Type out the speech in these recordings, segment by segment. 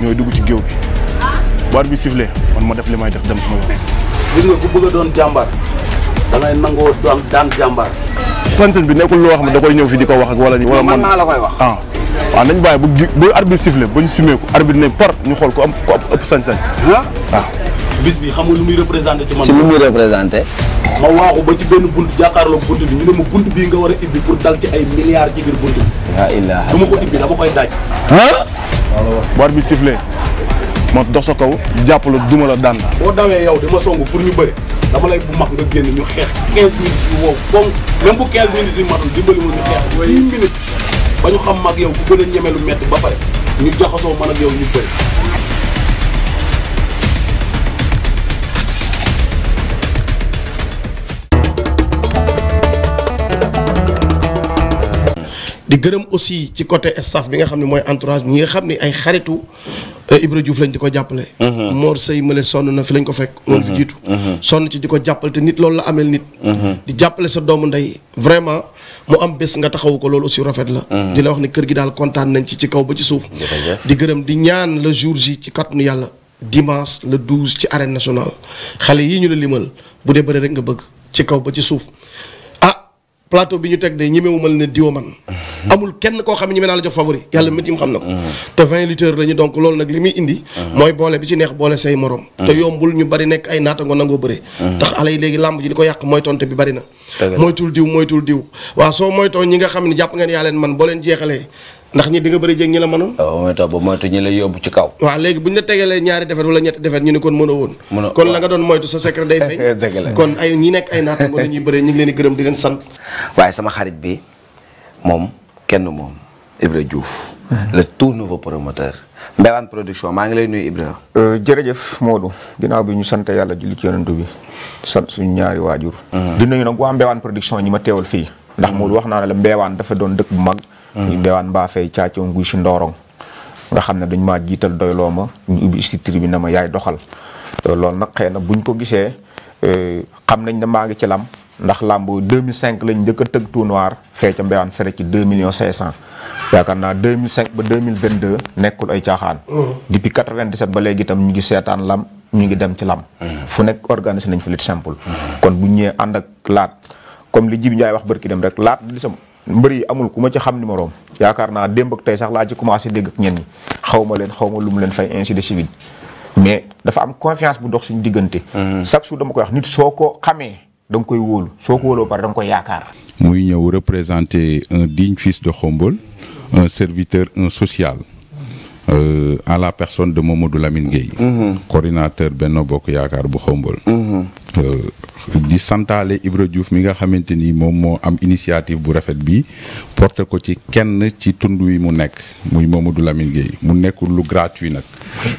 ñooy dugg ci géew bi bu arbitre bi sifflé man moo def li may def dem suma yoon. gis nga ku a doon jàmbaar da ngay nangoo doon daan jàmbaar. xansen bi nekkul loo xam ne da ñëw fii di ko wax ak wala. wala man maa la koy wax ah. waaw ah, nañ bàyyi bu gi bu arbitre sifflé ba ñu simee ko arbitre xool ko am ko ëpp sañ-sañ. waaw. Ah. bis bi xam nga lu muy représenté ci man. ci lu muy représenté. ma waaxu ba ci benn bunt jàkkaarloog bunt bi ñu ne ma bunt bii nga war a ibbi pour dal ci ay milliards ci biir bunt bi. la ilaha du ma ko ibbi dama koy daaj. bu bi sifflé ma dox sa kaw jàpp la duma la daan. boo dawee yow di ma song pour ñu bëri dama lay bu mag nga génn ñu xeex 15 minutes yu wow bon même bu 15 minutes yi matul dimbali ma ñu xeex 10 minutes ba ñu xam mag yow bu gën a ñeme lu métti ba pare ñu jaxasoo man ak yow ñu bëri. di gërëm aussi ci côté staff bi nga xam ne mooy entourage ñi nga xam ne ay xaritu euh, Ibra Diouf lañ di ko jàppale. Mhm. Mor Sey Mële sonn na fi lañ ko fekk. loolu fi mhm. jiitu. Mhm. sonn ci di ko jàppale te nit loolu la amee nit. di jàppale sa doomu ndey vraiment mu am bés nga taxawu ko loolu aussi rafet la. di la wax ne kër gi daal kontaan nañ ci ci kaw ba ci suuf. di gërëm di ñaan la jour yi ci kàttanu yàlla dimanche le 12 ci arène nationale xale yii ñu la limal bu dee bëri rek nga bëgg ci kaw ba ci suuf. plateau bi ñu teg de ñemewumal ne diwa man. amul kenn koo xam ne ñeme naa la jox favori yàlla métti mu xam na ko. te vingt litres lañu donc loolu nag li muy indi. mooy boole bi ci neex boole say morom. te yombul ñu bari nekk ay naata nga nangoo bëree. tax alay léegi làmb ji li ko yàq mooy tonte bi bari na. moytul diw moytul diw waaw soo moytoo ñi nga xam ne jàpp ngeen yaa leen man boo leen jeexalee ndax ñi di nga bëri jéeg ñi la mënoon waaw mooy tax ba moytu ñi la yóbbu ci kaw waaw léegi bu ñu la tegalee ñaari defet wala ñetti defet ñu ni kon mën a woon kon la nga doon moytu ay ñi nekk ay naata la ñuy bëree ñu ngi leen di gërëm di leen sant waaye sama xarit bi moom kenn moom Ibra Diouf le tout nouveau promoteur Mbewaan production maa ngi lay nuyu Ibra euh, jërëjëf Modou ginnaaw bi ñu sant yàlla julli ci yonent bi sant suñu ñaari waajur mm-hmm. di nuyu nag waa Mbewaan production ñi ma teewal fii ndax Modou wax naa ne la Mbewaan dafa doon dëkk bu mag muy bewaan mbaa fay caacom guy si ndoorong nga xam ne dañ maa jiital doyloo ma ñu ubbi structure bi na ma yaay doxal euh, loolu nag xëy na buñ ko gisee euh, xam nañ ne maa ngi ci lam ndax làmb 2005 lañ njëkk a tëgg tout noir fee ca mbéyaan fere ci 2 millions 500 yaakaar naa 2005 ba 2022 nekkul ay caaxaan. depuis 97 ba léegi tam ñu ngi seetaan lam ñu ngi dem ci lam. fu nekk organisé nañ fi lutte simple. kon bu ñëwee ànd ak laat comme li Jibi Ndiaye wax barki dem rek laat li sama mbër yi amul ku ma ci xam numéroom yaakaar naa démb ak tey sax laa ci commencé dégg ak ñenn ñi leen xaw ma lu leen fay ainsi de mais dafa am confiance bu dox suñu diggante. Mhm. chaque jour dama koy wax nit soo ko xamee da koy wóolu soo ko wóoloo pare da koy yaakaar. muy ñëw représenter un digne fils de Khombole un serviteur social. euh, en la personne de Mamadou Lamine Gueye mm-hmm. cordinateur Benno Bokk Yaakaar bu Xombol mm-hmm. euh, di santaale Ibra Diouf mi nga xamante ni moom moo am initiative bu rafet bi porté ko ci kenn ci tund wi mu nekk muy Mamadou Lamine Gueye mu nekkul lu gratuit nag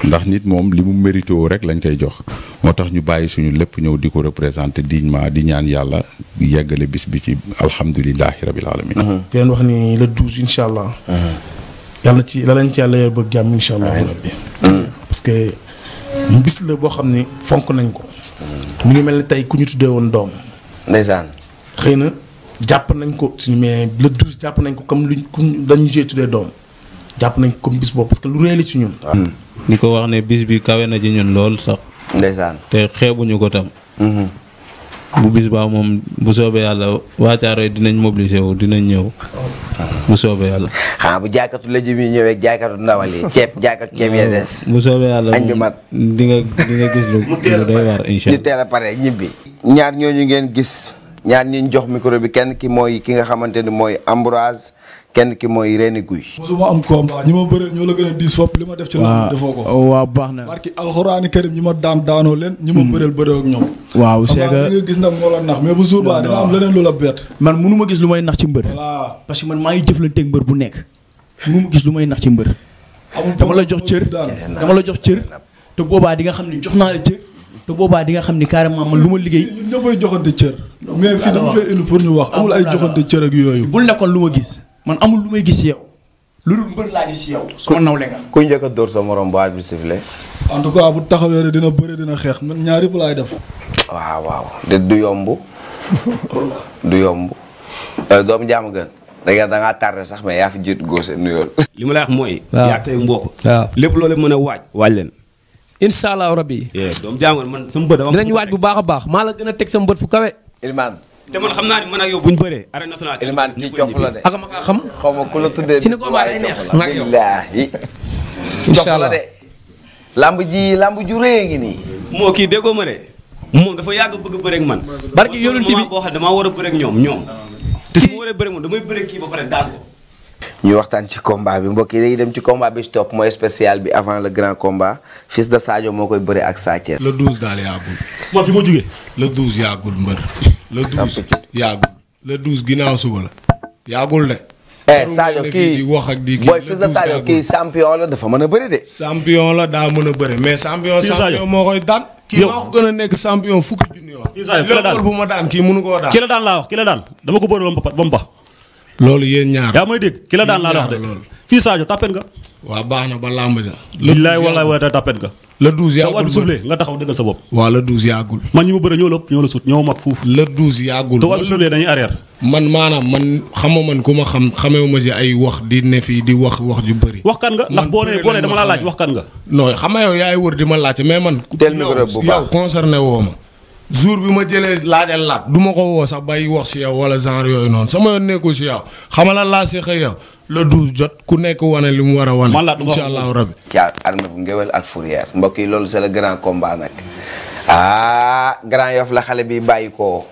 ndax nit moom li mu mérité rek lañ koy jox moo tax ñu bàyyi suñu lépp ñëw di ko représenté dignement di ñaan yàlla yeggale bis bi ci alhamdulilahi rabil alamin mm-hmm. di leen wax ni le douze incha allah yàlla ci la lañ ci yàlla yor bëgg jàmm incha allah rabbi parce que mbis la boo xam ne fonk nañ ko mm. mu ngi mel ni tey ku ñu tuddee woon doom ndeysaan xëy na jàpp nañ ko suñu mais le douze jàpp nañ ko comme luñ kuñ dañu jee tuddee doom jàpp nañ ko comme boobu parce que lu réeli ci ñun mm. ni ko wax ne bis bi kawe na ci ñun lool sax ndeysaan te xeebuñu ko tam mm-hmm. bu bis baa moom bu soobee yàlla waa Caaroy dinañ mobiliser wu dinañ ñëw. bu soobee yàlla. xanaa bu jaaykatu lëjum yi ñëwee ak jaaykatu ndawal yi ceeb jaaykatu ceeb yee des. bu soobee yàlla añ bi mat di nga di nga gis lu lu doy waar incha ñu teel a pare ñibbi. ñaar ñu ngeen gis ñaar ñi ñu jox micro bi kenn ki mooy ki nga xamante ni mooy Ambroise kenn ki mooy reeni guy. mosuma am combat ñi ma ñoo la li ma def. ci waaw baax na. barki alxuraani ma daan daanoo leen. ñi ma hmm. bëreel gis nag moo la nax mais bu jour ba dina am leneen lu ma gis lu may nax ci mbër. parce que man maa ngi jëflanteeg mbër bu nekk. ma gis lu may nax ci mbër. dama la jox cër dama la jox cër. te boobaa di nga xam ne jox naa la cër. te boobaa di nga xam ne carrément man lu ma liggéey. ñun ñëppay joxante cër. mais pour ñu wax amul ay joxante yooyu. bul nekkoon lu ma gis man amul lu may gis yow lu dul mbër laa gis yow. sama nawle nga. ku njëkk a dóor sa morom bu aaj bi sifle. en tout cas bu taxawee rek dina bëre dina xeex man ñaari yëpp laay def. waaw waaw de du yomb du yomb euh, doom jaam gën. da nga da ngaa tardé sax ma yaa fi jiitu góose nuyool. li ma la wax mooy. waaw yaa say mbokk. waaw lépp loolu mën a waaj. waaj leen. incha allah rabi. Eh, jaam gën man sama bët dama. dinañ waaj bu baax a baax maa la gën a teg sa bët fu kawe. te man xam naa ne man ak yow bu ñu bëree. arène nationale Ilimane kii cof la de. xam xaw ma ko baaree neex ma ak yow incha de. lamb ji lamb ju rëy ngi nii. moo kii déggoo ma de moom dafa yàgg bëgg bëreeg man. barki yonent bi boo xam damaa war a bëreeg ñoom ñoom. te su ma waree bëreeg damay bëreeg kii ba pare daal ñu waxtaan ci combat bi mbokk yi dañuy dem ci combat bi ci topp mooy spécial bi avant le grand combat fils de Sadio moo koy bëri ak Sa Thiès. le 12 daal yaagul ma fi ma jugee. le le 12 yaagul. le 12 ginnaaw suba la. yaagul de. Eh, Sadio kii di wax ak di kii booy kii champion la dafa mën a bëri de. champion la daa mën a bëri mais champion. champion moo koy daan. kii maa ko gën a nekk champion fukki junni wax. kii Sadio ki la daan bu kii la daan laa wax ki la daan dama ko bëri ba mu loolu yéen ñaar yaa may dégg ki la daan laa wax de fii Sadio tapet nga. waaw baax na ba làmb ja. le billaay wallaay wala tey tapet nga. le yàggul nga taxaw dëggal sa bopp. waaw le douze yàggul. man ñi ma bëre ñoo la ëpp ñoo la sut ñoo mag fuuf. le douze yàggul te wàllu suuflee dañuy arrière. man maanaam man xamoo man ku ma xam xamewu ma si ay wax di ne fii di wax wax ju bëri. wax kan nga ndax boo nee boo nee dama laa laaj wax kan nga. non xam nga yow yaay wër di ma laaj mais man. teel na ko yow concerné woo ma jour bi ma jëlee laajal laaj du ma ko woo sax bàyyi wax si yow wala genre yooyu noonu sama yoon nekku si yow xamala laa si xëy yow le douze jot ku nekk wane li mu war a wane. man la incha allahu rabi. ca armée bu ak fourrière mbokk yi loolu c'est le grand combat nag ah grand yof la bi bàyyi ko.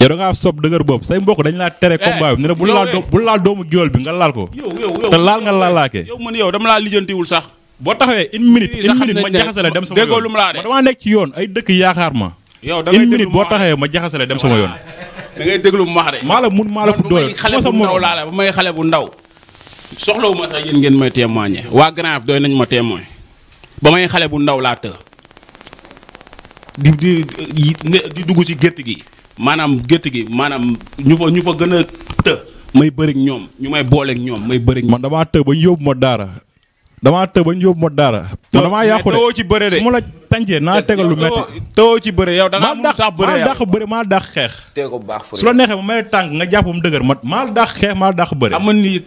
yow da ngaa sob dëgër boobu say mbokk dañ laa tere eh, combat bi ne la bu laal eh. bu laal doomu géwél bi nga laal ko. yow yow te laal nga laalaakee. yow man yow dama laa lijjantiwul sax. boo taxawee une minute une minute ma jaxase la dem sama yoon déggoo lu mu laa de. ma nekk ci yoon ay dëkk yaakaar ma yow da ngay boo taxee ma jaxasale dem sama yoon. da ngay déglu bu maax de. maa la mun maa la ko ba may xale bu ndaw soxlawu ma sax yéen ngeen may témoigner waa Grand doy nañ ma témoin ba may xale bu ndaw laa të. di di di dugg si gétt gi maanaam gétt gi maanaam ñu fa ñu fa gën a të may bëri ñoom ñu may booleek ñoom may bëri. man damaa të ba ñu yóbbu ma daara damaa të ba ñu yóbbu ma dara. te damaa ci bëre de su ma la tàncee naa tegal lu métti. tëwoo ci bëre yow da ngaa mun sax bëre yow maa dàq bëre xeex. tee ko baax su la neexee ma may tànk nga jàpp mu dëgër ma maa dàq xeex maa dàq bëre. am na ni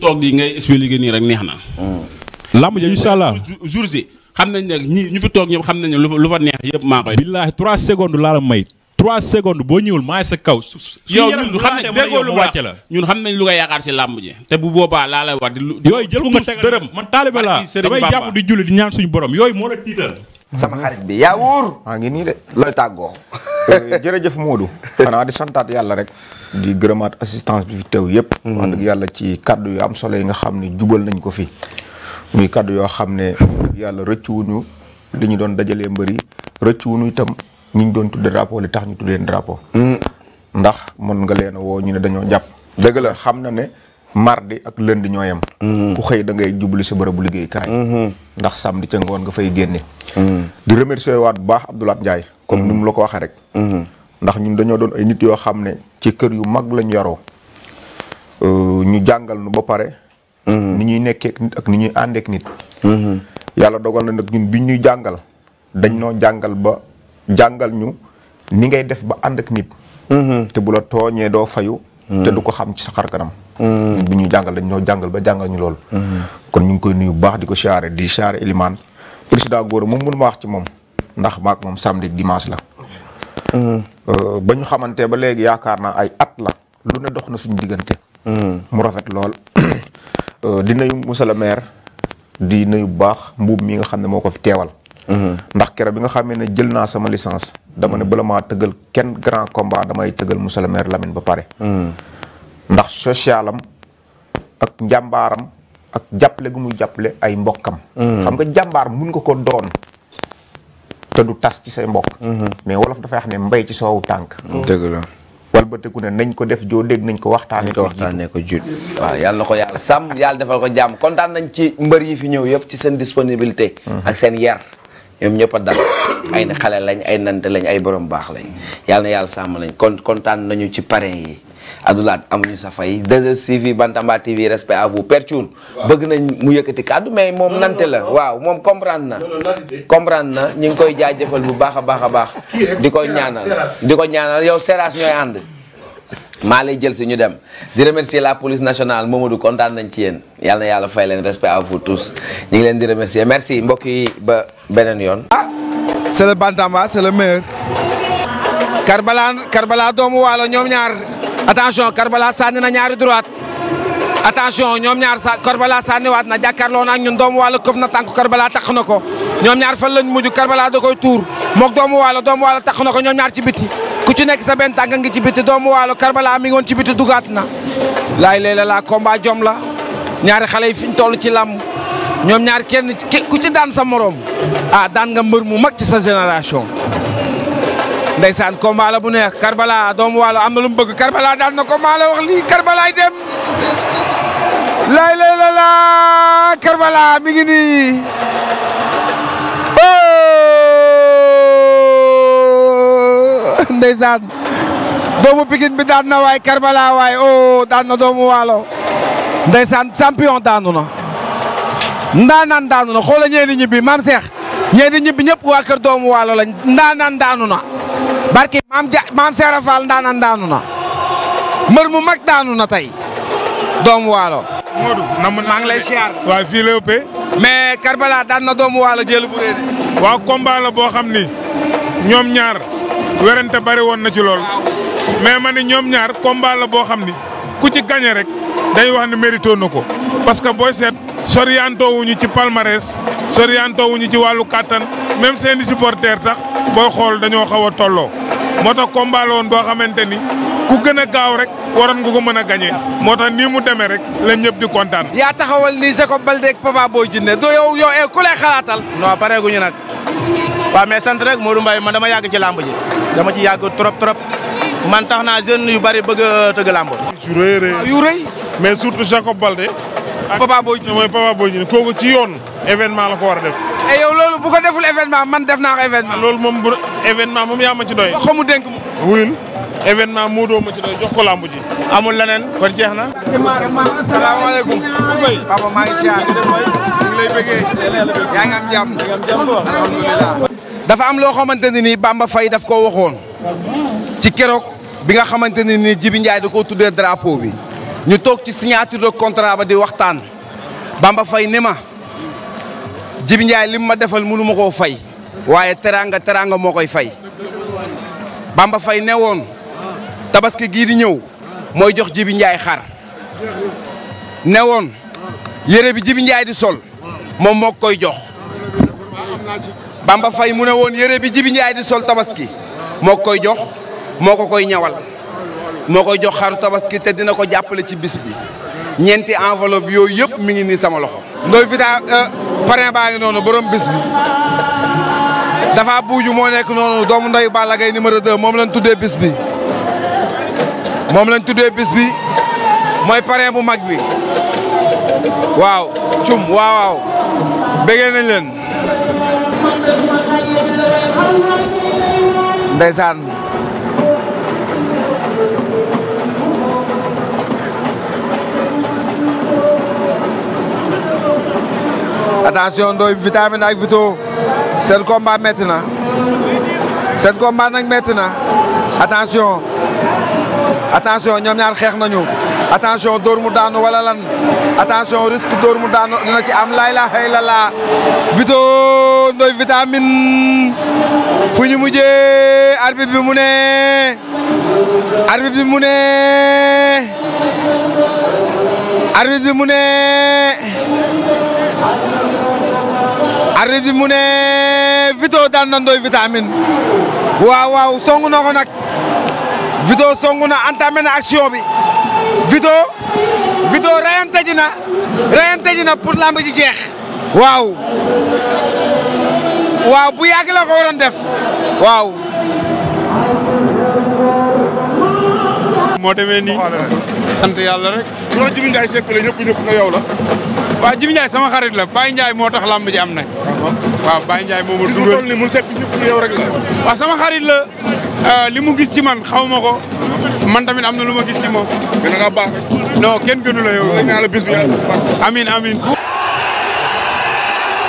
toog yi ngay expliquer nii rek neex na. Mm. lamb ja incha allah jour si xam nañ ne ñi ñu fi toog ñëpp xam nañ ne lu fa neex yëpp maa koy. billaahi trois secondes laa la may trois secondes boo ñëwul maa sa kaw. yow ñun xam ne déggoo lu wàcce la ñun xam nañ lu nga yaakaar si làmb ji. te bu boobaa laa lay war di lu. yooyu jël ko dërëm man taalibe laa damay jàpp di julli di ñaan suñu borom yooyu moo la tiital. sama xarit bi yaa wóor. maa ngi nii de looy tàggoo. Eh, jërëjëf Modou. xanaa di santaat yàlla rek. di gërëmaat assistance bi fi yëpp. Hmm. wax dëgg yàlla ci kàddu yu am solo yi nga xam ne jubal nañ ko fi. muy kàddu yoo xam ne yàlla rëccuwuñu li ñu doon dajalee mbëri rëccuwuñu itam ñi ñu doon tudde drapeau li tax ñu tudd leen drapeau. ndax mën nga leen woo ñu ne dañoo jàpp. dëgg la xam na ne mardi ak lënd ñoo yem. Mm-hmm. ku xëy da ngay jublu si bërëbu liggéeykaay. Mm-hmm. ndax samedi ca ngoon nga fay génne. Mm-hmm. di remercier waat bu baax Abdoulaye Ndiaye. comme ni mu la ko waxee rek. ndax ñun dañoo doon ay nit yoo xam ne ci kër yu mag lañ yaroo. Euh, ñu jàngal nu ba pare. ni ñuy nekkee nit ak ni ñuy àndeek nit. yàlla dogal na nag ñun biñ ñuy jàngal dañ noo jàngal ba. jàngal ñu ni ngay def ba ànd ak nit. Mm-hmm. te bu la tooñee doo fayu. te mm-hmm. du ko xam ci sa xar kanam. Mm-hmm. bu ñu jàngal dañ ñoo jàngal ba jàngal ñu loolu. kon ñu ngi koy nuyu bu baax di ko siyaare di siyaare Eliman président Gora moom mënu ma wax ci moom ndax maak moom samedi dimanche la. Euh, ba ñu xamante ba léegi yaakaar naa ay at la lu ne dox na suñu diggante. mu rafet lool. Euh, dina nuyu monsieur le maire di nuyu bu baax mbuub mi nga xam ne moo ko fi teewal. ndax kere bi nga xamee ne jël naa sama licence. dama ne bala maa tëggal kenn grand combat damay tëggal monsieur le maire ba pare. ndax socialam ak njàmbaaram ak jàppale gu muy jàppale ay mbokkam. xam nga jàmbaar mun nga ko doon. te du tas ci say mbokk. mais wolof dafay xam ne mbay ci soow tànk. dëgg la. walbatiku ne nañ ko def joo dégg nañ ko waxtaanee ko waxtaanee ko jut waa yàlla na ko yàlla sàmm yàlla defal ko jàmm kontaan nañ ci mbër yi fi ñëw yëpp ci seen disponibilité. ak yar. ñoom ñëpp a dal ay na xale lañ ay nante lañ ay borom baax lañ yàlla na yàlla sàmm lañ kon kontaan nañu ci parrain yi adulaat amuñu sa fay 2STV Bantamba TV respect à per percun bëgg nañ mu yëkkati kàddu mais moom nante la waaw moom comprendre na comprendre na ñu ngi koy jaajëfal bu baax a baax a baax di koy ñaanal di ko ñaanal yow Seras ñooy ànd maa lay jël si ñu dem di remercier la police nationale Momadou kontaan nañ ci yéen yal na yàlla fay leen respect à vous tous ñu ngi leen di remercier merci mbokk ba beneen yoon. a ah, c'est le Bantamba c'est le meilleur. Karbala Karbala doomu waalo ñoom ñaar attention Karbala sànni na ñaari droite attention ñoom ñaar sa Karbala sànniwaat na jàkkaarloo na ak ñun doomu waalo këf na tànku Karbala tax na ko ñoom ñaar fan lañ mujj Karbala tuur moog doomu waalo doomu waalo tax na ko ñoom ñaar ci biti. ku ci nekk sa benn tànk ngi ci biti doomu waalo Karbala mi ngi woon ci biti dugaat na. laay léeg la laa combat la ñaari xale yi fi ñu toll ci làmb ñoom ñaar kenn ku ci daan sa morom ah daan nga mbër mu mag ci sa génération. Ndeysaan combat bu neex Karbala doomu waalo am na lu mu bëgg Karbala daan na combat wax lii Karbalaay dem. laay léeg la laa mi ngi nii. ndeysaan doomu Pikine bi daan na waay Karbala waay o oh, daan na doomu waalo ndeysaan champion daanu na ndaanaan daanu na xoola ñeeni ñibbi maam Seex ñeeni ñibbi ñëpp waa kër doomu waalo lañ ndaanaan daanu na barki maam ja maam Seera Fall ndaanaan na mu mag daanu na tey doomu waalo Modou na maa ngi lay siyaar waaw fii la mais Karbala daan doomu waalo jël bu rëy de boo xam ni ñoom ñaar werante bari woon na ci lool mais man ne ñoom ñaar combat boo xam ni ku ci gañe rek day wax ne mérito na ko parce que booy seet soriantoo wuñu ci palmarès soriantoo wuñu ci wàllu kàttan même seeni supporters sax booy xool dañoo xaw a tolloo moo tax combat woon boo xamante ni ku gën a gaaw rek waroon nga ko mën a gagné moo tax nii mu demee rek la ñëpp di kontaan. yaa taxawal ni Jacob Baldé ak boo Boy Djiné doo yow yow eh, ku lay xalaatal. non pareeguñu nag. waaw mais santrek rek Modou Mbaye man dama yàgg ci làmb ji dama ci yàgg trop trop man tax naa jeunes yu bari bëgg a tëgg làmb. yu rëy yu rëy. mais surtout Jacob Balde. ak Papa Boy mooy Papa Boy Djiné ci yoon. événement la ko war def. et eh, yow loolu bu ko deful événement man def naa ko événement. Ah, loolu moom bu événement moom yaa ma ci doy. waxamu dénk mu. wuyul événement Modou ma ci jox ko làmb ji. amul leneen jeex na. salaamaaleykum. papa maa ngi siyaar. ñu ngi lay bëggee. yaa ngi am dafa am loo xamante ne nii Bamba fay daf koo waxoon ci keroog bi nga xamante ne ni Jibi Ndiaye da koo tuddee drapeau bi ñu toog ci signature de contrat ba di waxtaan Bamba fay ne ma Jibi Ndiaye ma defal mënu ma koo fay waaye teraanga teraanga moo koy fay Bamba fay ne woon tabaski gii di ñëw mooy jox Jibi Ndiaye xar ne woon yére bi Jibi Ndiaye di sol moom moo koy jox Bamba Faye mu ne woon yére bi Jibi Njaay di sol tabaski moo koy jox moo ko koy ñawal moo koy jox xaru tabaski te dina ko jàppale ci bis bi ñeenti enveloppe yooyu yëpp mi ngi ni sama loxo. Ndoy Fida euh, parrain baa ngi noonu borom bis bi dafa buuju moo nekk noonu doomu ndoy Balla Gaye numéro 2 moom lañ tuddee bis bi moom lañ tuddee bis bi mooy parrain bu mag bi waaw cum waaw waaw ndeysaan attention Ndoye Vitamine ak Vito seen combat métti na seen combat nag métti na attention attention ñoom ñaar xeex nañu attention mu daanu wala lan attention risque dóor mu daanu dina ci am lay la xëy la laa Vito fu ñu mujjee bi mu ne arbitre bi mu ne arbitre bi mu ne arbitre bi mu ne Vito daan na Ndoye Vitamine songu na ko nag Vito songu na entamé na action bi Vito Vito rayante ji na rayante ji na pour lamb ji jeex waaw waaw bu yàgg la ko waroon def waaw. moo demee ni sant yàlla rek. loolu Jibi Ndiaye seppale ñëpp ñëpp na yow la. waaw Jibi sama xarit la Baye njaay moo tax lamb ji am na. waaw Baye Ndiaye moo ma dugal li mu sepp ñëpp na yow rek la. waaw sama xarit la euh, li mu gis ci man xaw ma ko man tamit am na lu ma gis ci moom. mais da ngaa baax rek. non kenn la yow. dañu la bis bi yàlla amiin amiin.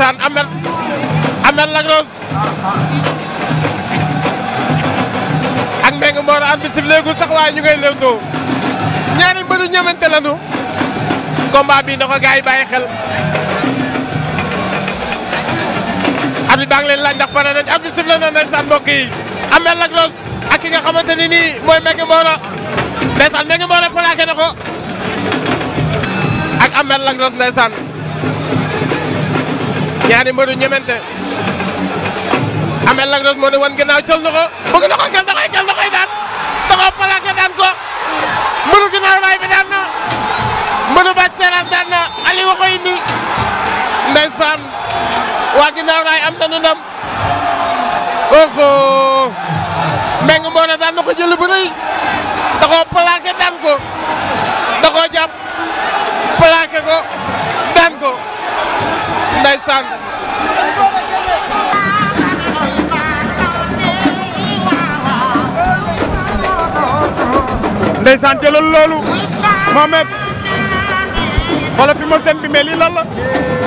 ndeysaan Ameth Ameth ak Mbengue Mboro at bi sifleegu sax waaye ñu ngay lewtoo ñaari mbëru ñamante lañu combat bi na ko gars yi bàyyi xel at bi baa ngi leen laaj ndax pare nañ at bi sifle na ndeysaan mbokk ak ki nga xamante ni mooy Mbengue Mboro ndeysaan Mbengue Mboro plaqué na ko ak Ameth Lac Rose ñaari mbëru ñemente Ameth Lac moo ne wan ginnaaw cël na ko bëgg ko jël da koy jël daan da koo daan ko mbëru ginnaaw raay bi daan na mbëru bàcc seeraas daan na Aliou wa ko indi ndeysaan waa ginnaaw raay am nañu ndam oho Mbengue moo ne daan na ko jël bu rëy da daan ko da koo jàpp ko daan ko. ndeysaan ndeysaan jëlal loolu Mohamed xoolal fi ma bi mais lii lan la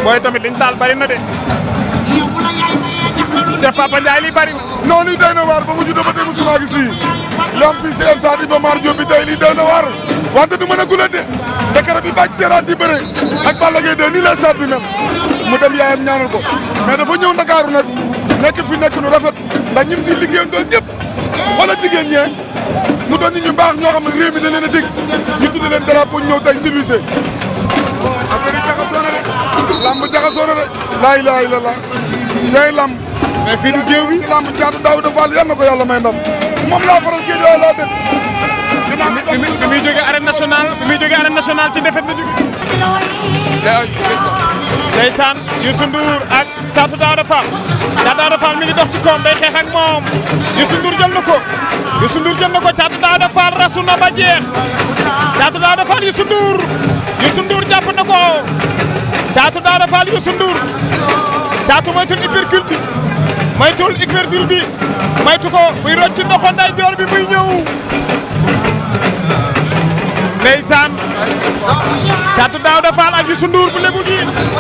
booy tamit liñ taal bari na de Cheikh Papa Ndiaye lii bari na. non waar ba mu juddoo ba tey musuma gis lii lampi si stade Iba Mar Diop bi tey lii doy waar wante du mën a guddee de ndeketewul bi bàcc seeraat di bëre ak Balla Gaye de nii la stade bi mel. mu dem yaayam ñaanal ko mais dafa ñëw Ndakaaru nag nekk fi nekk nu rafet ndax ñim fi liggéeyoon doon ñëpp xoolal jigéen ñee mu doon ñu baax ñoo xam ne réew mi da leen a dégg ñu tudd leen drapeau ñëw tey civilisé affaire yi jaxasoo na de lamb jaxasoo na de laa ilaaha illallaah tey lamb mais fii du géew bi ci lamb caatu Daawuda Fall yal na ko yàlla may ndam moom laa faral géej yooyu laa dégg bi muy bi muy jógee arène nationale bi muy jógee arène nationale ci la jógee ndeysaan Youssou Ndour ak Caatu Daouda Fall Caatu Daouda Fall mi ngi dox ci koom day xeex ak moom Youssou Ndour jël na ko Youssou Ndour jël na ko Caatu Daouda Fall rasu na ba jeex Caatu Daouda Fall Youssou Ndour Youssou Ndour jàpp na ko Caatu Daouda Fall Youssou Ndour caatu moytul uppercut bi moytul uppercut bi moytu ko buy rocc ndoxo nday joor bi muy ñëw ndeysaan Thiatou Daouda Fall ak Youssou Ndour bu lebu gi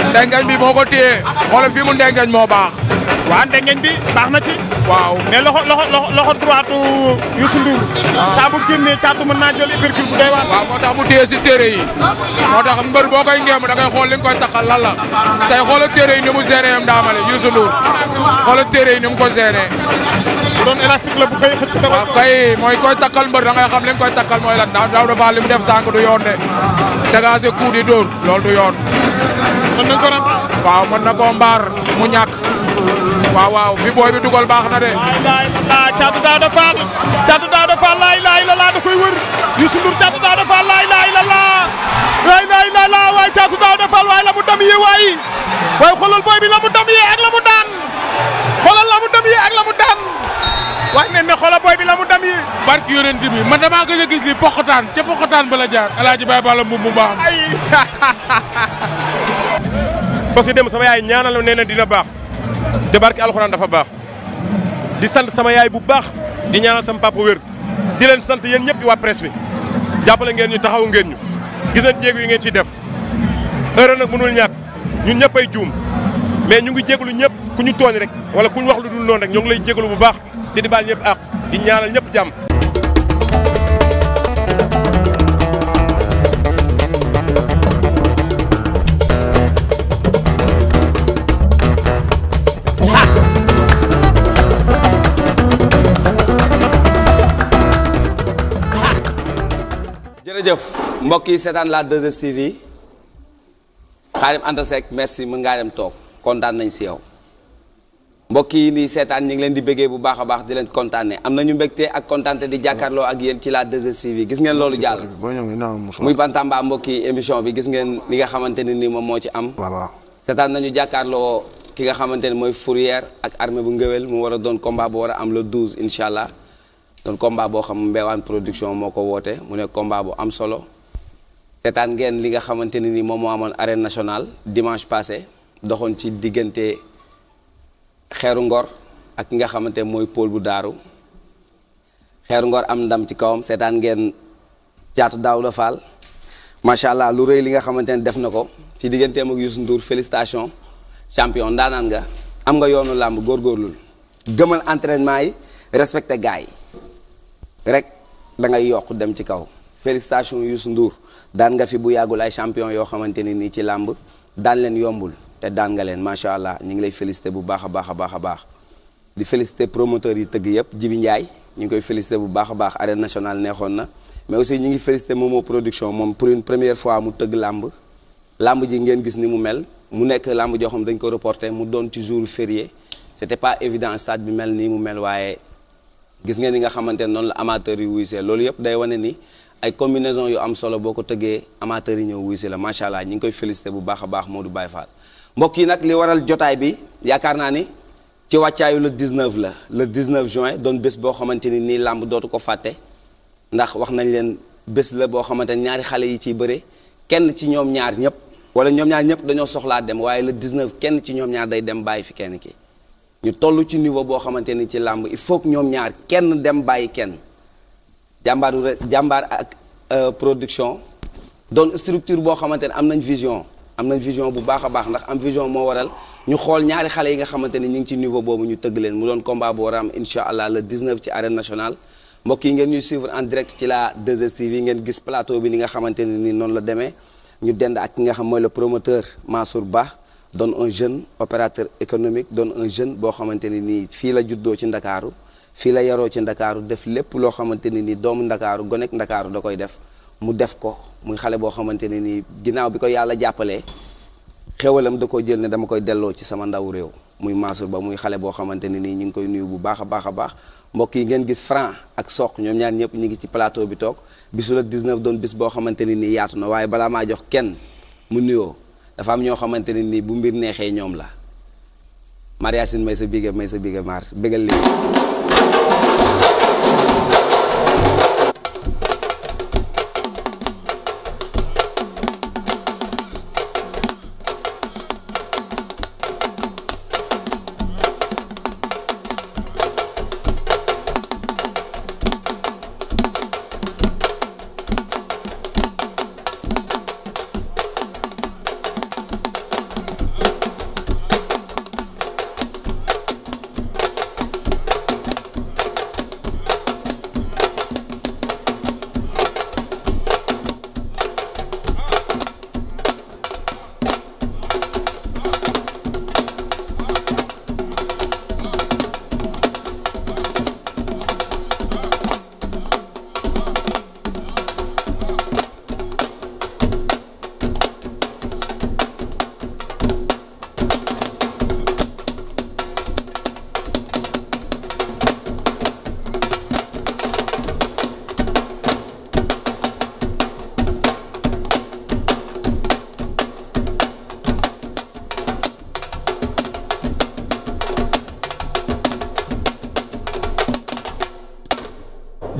ndengeñ bi moo ko téye xoolal fii mu ndengeñ moo baax waaw ndengeñ bi baax na ci waaw mais loxo loxo loxo loxo droitu Youssou Ndour ah. saa bu génnee Thiatou mën naa bu doy waar waaw moo tax mu téye si téere yi moo tax mbër boo koy ngeem da ngay xool li nga koy taxal lan la tey xoolal téere yi ni mu géré am daamale Youssou Ndour xoolal téere yi ni mu ko géré doon élastique la bu xëy xëcc da koy mooy koy takkal mbër da ngay xam li nga koy takkal mooy lan daaw daaw dafa li mu def sànq du yoon de dégagé coup di dóor loolu du yoon. mën na ko ram. waaw mën na koo mbaar mu ñàkk. waaw waaw fi booy bi dugal baax na de. laay laay Thiatou Daouda Fall Thiatou Daouda Fall laay da koy wër Youssou Ndour Thiatou Daouda Fall laay laay la waay Thiatou Daouda Fall waay la mu dam yi waay waay xoolal booy bi la mu dam yi ak la mu daan xoolal la mu dam yi ak la mu daan. waaye ne na xoolal booy bi la mu dam yi barki yonent bi man damaa gëj a gis li poxotaan ca poxotaan ba la jaar alaaji baay bala mbubb mu baax parce que dem sama yaay ñaanal nee na dina baax te barki alxuraan dafa baax di sant sama yaay bu baax di ñaanal sama papa wér di leen sant yéen ñëpp waa presse bi jàppale ngeen ñu taxaw ngeen ñu gis nañ jéego yi ngeen ciy def heure nag mënul ñun ñëpp ay juum mais ñu ngi jégalu ñëpp ku ñu tooñ rek wala ku ñu wax lu dul noonu rek ñoo ngi lay jégalu bu baax te di baal ñëpp ak di ñaanal ñëpp jàmm. jërëjëf mbokk yi seetaan la 2STV Xaadim Anta Seck merci mën ngaa dem toog kontaan nañ si yow. mbokk yi nii seetaan ñu ngi leen di bëggee bu baax baax di leen kontaane am nañu mbégte ak kontaante di jàkkaarloo ak yéen ci la 2STV gis ngeen loolu jàll muy bantamba mbokk yi émission bi gis ngeen li nga xamante ne ni moom moo ci am seetaan nañu jàkkaarloo ki nga xamante ne mooy Fourrière ak armée bu ngëwél mu war a doon combat bu war am le 12 incha allah doon combat boo xam Mbewaan production moo ko woote mu ne combat bu am solo seetaan ngeen li nga xamante ne ni moom moo amoon arène nationale dimanche passé doxoon ci diggante xeeru ngor ak ki nga xamante mooy pôle bu daaru xeeru ngor am ndam ci kawam seetaan ngeen caatu daaw la faal macha allah lu rëy li nga xamante ne def na ko ci digganteem ak Youssou Ndour félicitation champion ndaanaan nga am nga yoonu làmb góor góorgóorlul gëmal entrainement yi respecté gars yi rek dangay yokk dem ci kaw félicitation Youssou nduur daan nga fi bu yàggul ay champion yoo xamante ne nii ci làmb daan leen yombul te daan nga leen macha allah ñu ngi lay félicité bu baax a baax a baax a baax di félicité promoteur yi tëgg yëpp Jibi Ndiaye ñu ngi koy félicité bu baax a baax arène nationale neexoon na mais aussi ñu ngi félicité Momo production moom pour une première fois mu tëgg làmb làmb ji ngeen gis ni mu mel mu nekk làmb joo xam dañ ko reporté mu doon ci jour férié c'était pas évident stade bi mel nii mu mel waaye gis ngeen ni nga xamante ne noonu la amateurs yi loolu yëpp day wane ni ay combinaison yu am solo boo ko tëggee amateurs yi ñëw wuy si la ñu ngi koy félicité bu baax a baax Modou Baye Fall mbokk yi nag li waral jotaay bi yaakaar naa ni ci wàccaayu le 19 la le 19 juin doon bés boo xamante ni nii làmb dootu ko fàtte ndax wax nañ leen bés la boo xamante ni ñaari xale yi ciy bëre kenn ci ñoom ñaar ñëpp wala ñoom ñaar ñëpp dañoo soxlaa dem waaye le 19 kenn ci ñoom ñaar day dem bàyyi fi kenn ki ñu toll ci niveau boo xamante ni ci làmb il faut ñoom ñaar kenn dem bàyyi kenn jàmbaaru jàmbaar ak euh, production doon structure boo xamante ne am nañ vision am nañ vision bu baax a baax ndax am vision moo waral ñu xool ñaari xale yi nga xamante ni ñu ngi ci niveau boobu ñu tëgg leen mu doon combat bu war a am incha allah le 19 ci arène nationale mbokk yi ngeen ñuy suivre en direct ci la 2STV yi ngeen gis plateau bi ni nga xamante ne ni noonu la demee ñu dend ak ki nga xam mooy la promoteur Mansour Ba doon un jeune opérateur économique doon un jeune boo xamante ne nii fii la juddoo ci ndakaaru fii la yaroo ci ndakaaru def lépp loo xamante ne ni doomu ndakaaru gonek ndakaaru da koy def mu def ko muy xale boo xamante ne nii ginnaaw bi ko yàlla jàppalee xewalam da koo jël ne dama koy delloo ci sama ndaw réew muy Mansour Ba muy xale boo xamante ne nii ñu ngi koy nuyu bu baax a baax a baax mbokk yi ngeen gis Franc ak Sokh ñoom ñaar ñëpp ñu ngi ci plateau bi toog bisu la 19 doon bis boo xamante ne nii yaatu na waaye balaa maa jox kenn mu nuyoo dafa am ñoo xamante ne nii bu mbir neexee ñoom la Mariasine may sa bige may sa bige Mar bégal léegi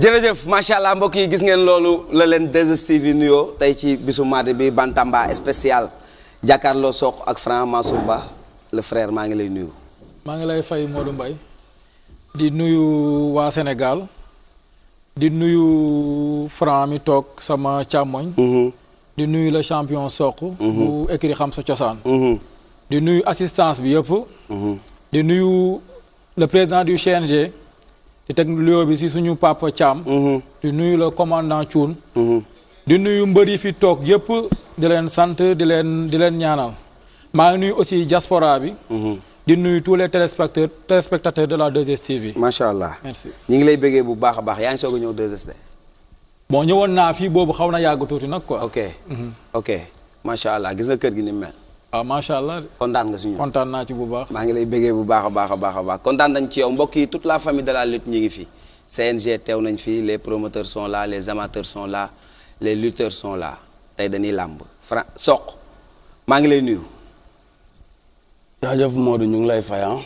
jërëjëf macha allah mbokk yi gis ngeen loolu la leen 2STV yi nuyoo tey ci bisu mardi bi Bantamba spécial jàkkaarloo Sokh ak Franc Mansour Ba le frère maa ngi lay nuyu. maa ngi lay fay Modou Mbaye di nuyu waa Sénégal di nuyu Franc mi toog sama càmmoñ. Mhm. di nuyu le champion Sokh. bu mhm. écrit xam sa cosaan. Mhm. di nuyu assistance bi yëpp. di nuyu le président du CNG. di teg luyo bi si suñu papa Thiam. Mhm. di nuyu le commandant Thioune. Mhm. di nuyu mbër yi fi toog yëpp di leen sant di leen di leen ñaanal maa ngi nuy aussi diaspora bi. Mhm. di nuyu tous les téléspectateurs téléspectateurs de la 2STV. macha allah merci ñu ngi lay bëggee bu baax a baax yaa ngi soog a ñëw 2STV. bon ñëwoon naa fii boobu xaw na yàgg tuuti nag quoi. ok ok macha allah gis nga kër gi ni mel. waaw ah, macha allah kontaan nga suñu kontaan naa ci bu baax maa ngi lay bëggee bu baax a baax a baax a baax kontaan nañ ci yow mbokk yi toute la famille de la lutte ñu ngi fi CNG teew nañ fi les promoteurs son là les amateurs sont là les lutteurs son laa tey dañuy làmb Fra Sokh maa ngi lay nuyu jaajëf Modou ñu ngi lay fayan ah.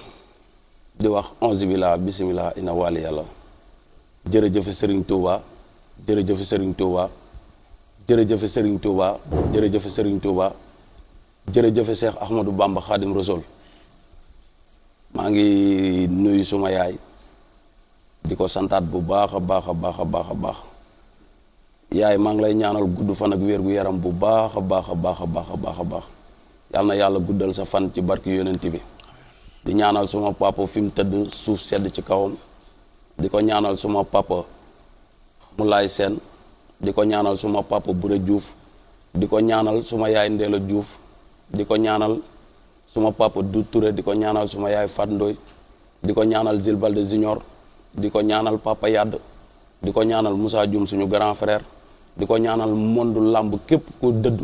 di wax onze bila bisimila ina wàlli yàlla jërëjëfe Serigne Touba jërëjëfe Serigne Touba jërëjëfe Serigne Touba jërëjëfe Serigne Touba jërëjëfe Cheikh Ahmadou Bamba Khadim Rasoul maa ngi nuyu suma yaay di ko santaat bu baax a baax a baax a baax a baax yaay maa ngi lay ñaanal gudd fan ak wér gu yaram bu baax a baax a baax a baax a baax a baax yal na yàlla guddal sa fan ci barki yonent bi di ñaanal suma papa fi mu tëdd suuf sedd ci kawam di ko ñaanal suma papa mu laay seen di ko ñaanal suma papa Bure juuf di ko ñaanal suma yaay Ndeela juuf di ko ñaanal suma papa du ture di ko ñaanal suma yaay Fat ndooy di ko ñaanal Zilbalde Junior di ko ñaanal papa Yadd di ko ñaanal Moussa Dioum suñu grand frère di ko ñaanal mondu làmb képp ku dëddu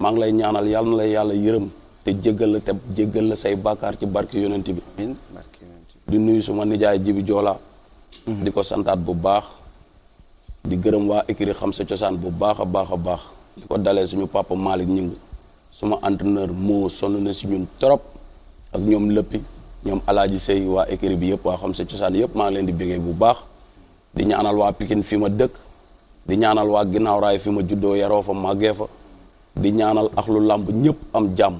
maa ngi lay ñaanal yàlla na lay yàlla yërëm te jéggal la te jéggal say bàkkaar ci barke yonent bi di nuyu suma nijaay Jibi Joola mhm. di ko santaat bu baax di gërëm waa écrit xam sa cosaan bu baax a baax a baax di ko dalee suñu papa Malick Ñing suma entraîneur moo sonn na si ñun trop ak ñoom lëppi ñoom alaaji sey waa écurie bi yëpp waa xam sa cosaan yëpp maa ngi leen di bégee bu baax di ñaanal waa pikin fi ma dëkk di ñaanal waa ginnaaw raay fi ma juddoo yaroo fa màggee fa di ñaanal axlu làmb ñëpp am jàmm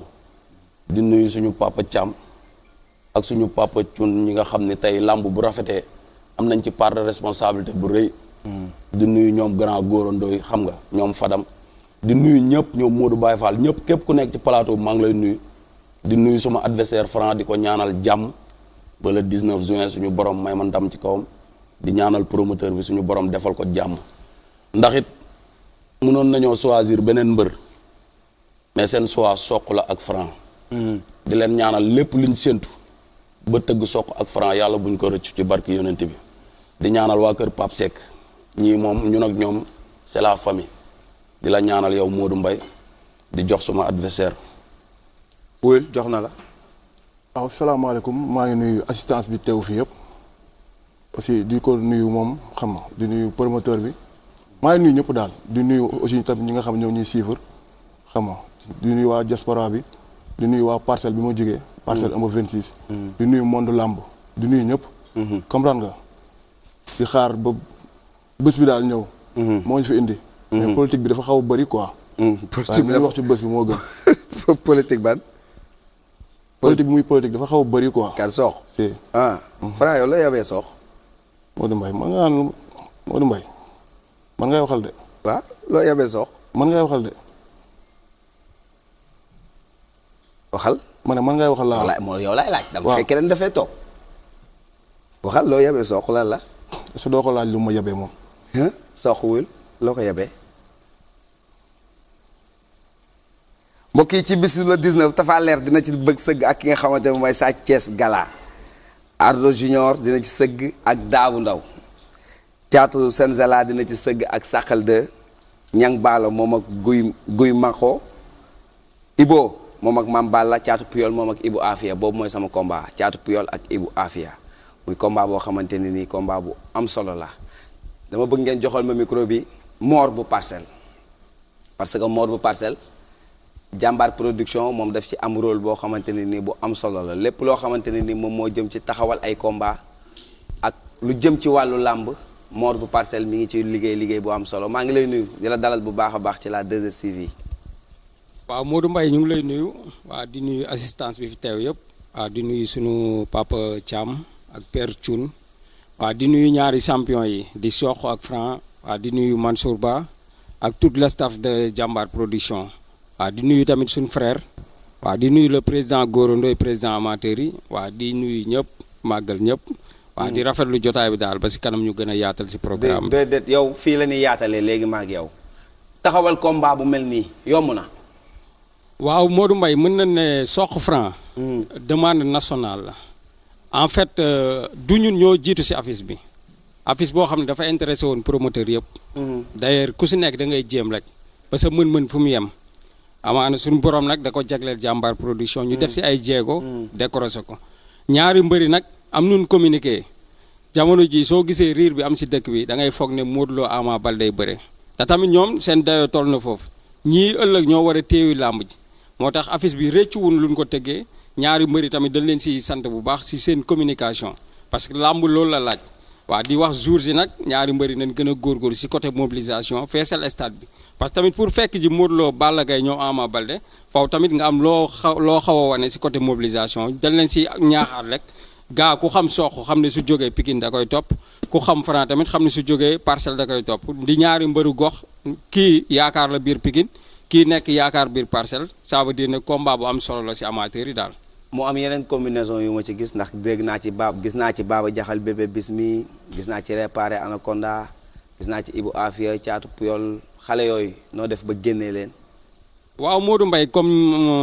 di nuyu suñu papa Thiam ak suñu papa Thioune ñi nga xam ne tey làmb bu rafetee am nañ ci part de responsabilité bu rëy mm. di nuyu ñoom grand góorandooy xam nga ñoom Fadam di nuyu ñëpp ñoom du Baye Fall ñëpp képp ku nekk ci plateau maa ngi lay nuyu di nuyu suma adversaire Franc di ko ñaanal jàmm ba le 19 juin suñu borom may ma ndam ci kawam di ñaanal promoteur bi suñu borom defal ko jàmm ndax it mënoon nañoo choisir beneen mbër mais seen choix Sokh la ak Franc hmm. di leen ñaanal lépp luñ séentu ba tëgg Sokh ak Franc yàlla buñ ko rëccu ci barki yonent bi di ñaanal waa kër Pape Seck ñii moom ñun ak ñoom c'est la famille di la ñaanal yow Modou mbay di jox suma adversaire wuyul jox na la waaw salaamaaleykum maa ngi nuyu assistance bi tew fii yëpp aussi di ko nuyu moom xam nga di nuyu promoteur bi maa ngi nuyu ñëpp daal di nuyu aussi tamit ñi nga xam ñëw ñuy suivre xam nga di nuyu waa diaspora bi di nuyu waa parcelle bi ma jógee parcelle ëmb 26 mm-hmm. di nuyu monde làmb di nuyu ñëpp mm-hmm. comprendre nga di xaar ba bés bi daal ñëw mm-hmm. moo ñu fi indi mais mhm. politique bi dafa xaw a bëri quoi. Mhm. politique bi wax ci bës bi moo gën. politique ban. politique bi muy politique dafa xaw a bëri quoi. kan soox. si ah. Mhm. la yowee soox. Modou Mbaye man nga naan Modou ngay waxal de. loo yowee soox. man ngay waxal de. waxal. ma ne man ngay waxal laa. walaay mooy yow laay laaj. dama fekk keneen dafay toog. waxal loo yowee soox lan la. su doo ko laaj lu ma yowee moom. soox wul. loo ko yebee mbokk yi ci bisu le 19 Tapha Leer dina ci bëgg sëgg ak ki nga xamante ne mooy Sa Thiès Gala Ardo Junior dina ci sëgg ak Daabu Ndaw Caatu Senzala dina ci sëgg ak Sàqal de Ñang Baalo moom ak Guy Guy Mako Ibo moom ak Mam Balla Caatu Puyol moom ak Ibu Afia boobu mooy sama combat Caatu Puyol ak Ibu Afia muy combat boo xamante ni nii combat bu am solo la dama bëgg ngeen joxal ma micro bi moor bu parcelle parce que moor bu parcelle jàmbaar production moom def ci am rôle boo xamante ne nii bu am solo la lépp loo xamante ne nii moom moo jëm ci taxawal ay combat ak lu jëm ci wàllu làmb moor bu parcelle mi ngi ci liggéey liggéey boo am solo maa ngi lay nuyu di dalal bu baax baax ci la 2STV. waaw Modou mbay ñu ngi lay nuyu waa di nuyu assistance bi fi teew yëpp waa di nuyu sunu papa Thiam ak père Thioune waa di nuyu ñaari champion yi di Sokh ak Franc waaw di nuyu Mansour Ba ak tout le staff de jàmbaar Production waaw di nuyu tamit suñu frère waaw di nuyu le président Goro Ndoye président amateur yi waaw di nuyu ñëpp màggal ñëpp waaw di hmm. rafetlu jotaay bi daal ba si kanam ñu gën a yaatal si programme déedéet yow fii la ñuy yaatalee léegi maa yaw taxawal ko mbaa bu mel nii yomb na waaw Modou mbay mën na ne Sokh Franc hmm. demande nationale la en fait euh, du ñun ñoo jiitu si affiche bi affiche boo xam ne dafa intéressé woon promoteur yëpp. Mhm. d'ailleurs ku si nekk da ngay jéem rek ba sa mën-mën fu mu yem. amaana suñu borom nag da ko jagleel jàmbaar production. ñu def mhm. si ay jéego. Mhm. décorosé ko ñaari mbëri nag am nun communiqué jamono ji soo gisee riir bi am si dëkk bi da ngay foog ne Modou Lo Ama Baldé bëre. te tamit ñoom seen dayoo toll na foofu ñii ëllëg ñoo war a téewi làmb ji moo tax affiche bi rëccuwun luñ ko tëggee ñaari mbëri tamit dañ leen siy sant bu baax si seen communication parce que làmb loolu la laaj. waaw di wax jour yi nag ñaari mbëri nañ gën a góorgóorlu si côté mobilisation feesal stade bi parce que tamit pour fekk ji Modou Lo Balla Gaye ñoom Ama Baldé faw tamit nga am loo xaw loo xaw a wane si côté mobilisation dañ leen si ñaaxaar rek gaa ku xam soq xam ne su jógee pikin da koy topp ku xam Franc tamit xam ne su jógee Parcelles da koy topp di ñaari mbëru gox kii yaakaar la biir Pikine kii nekk yaakaar biir Parcelles ça veut dire ne bu am solo la si amateur yi daal moo am yeneen combinaison yu ma ci gis ndax dégg naa ci baab gis naa ci baaba jaxal bébé bismi gis naa ci réparé anaconda gis naa ci ibu afia caatu puyol xale yooyu noo def ba génnee leen waaw Modou mbay comme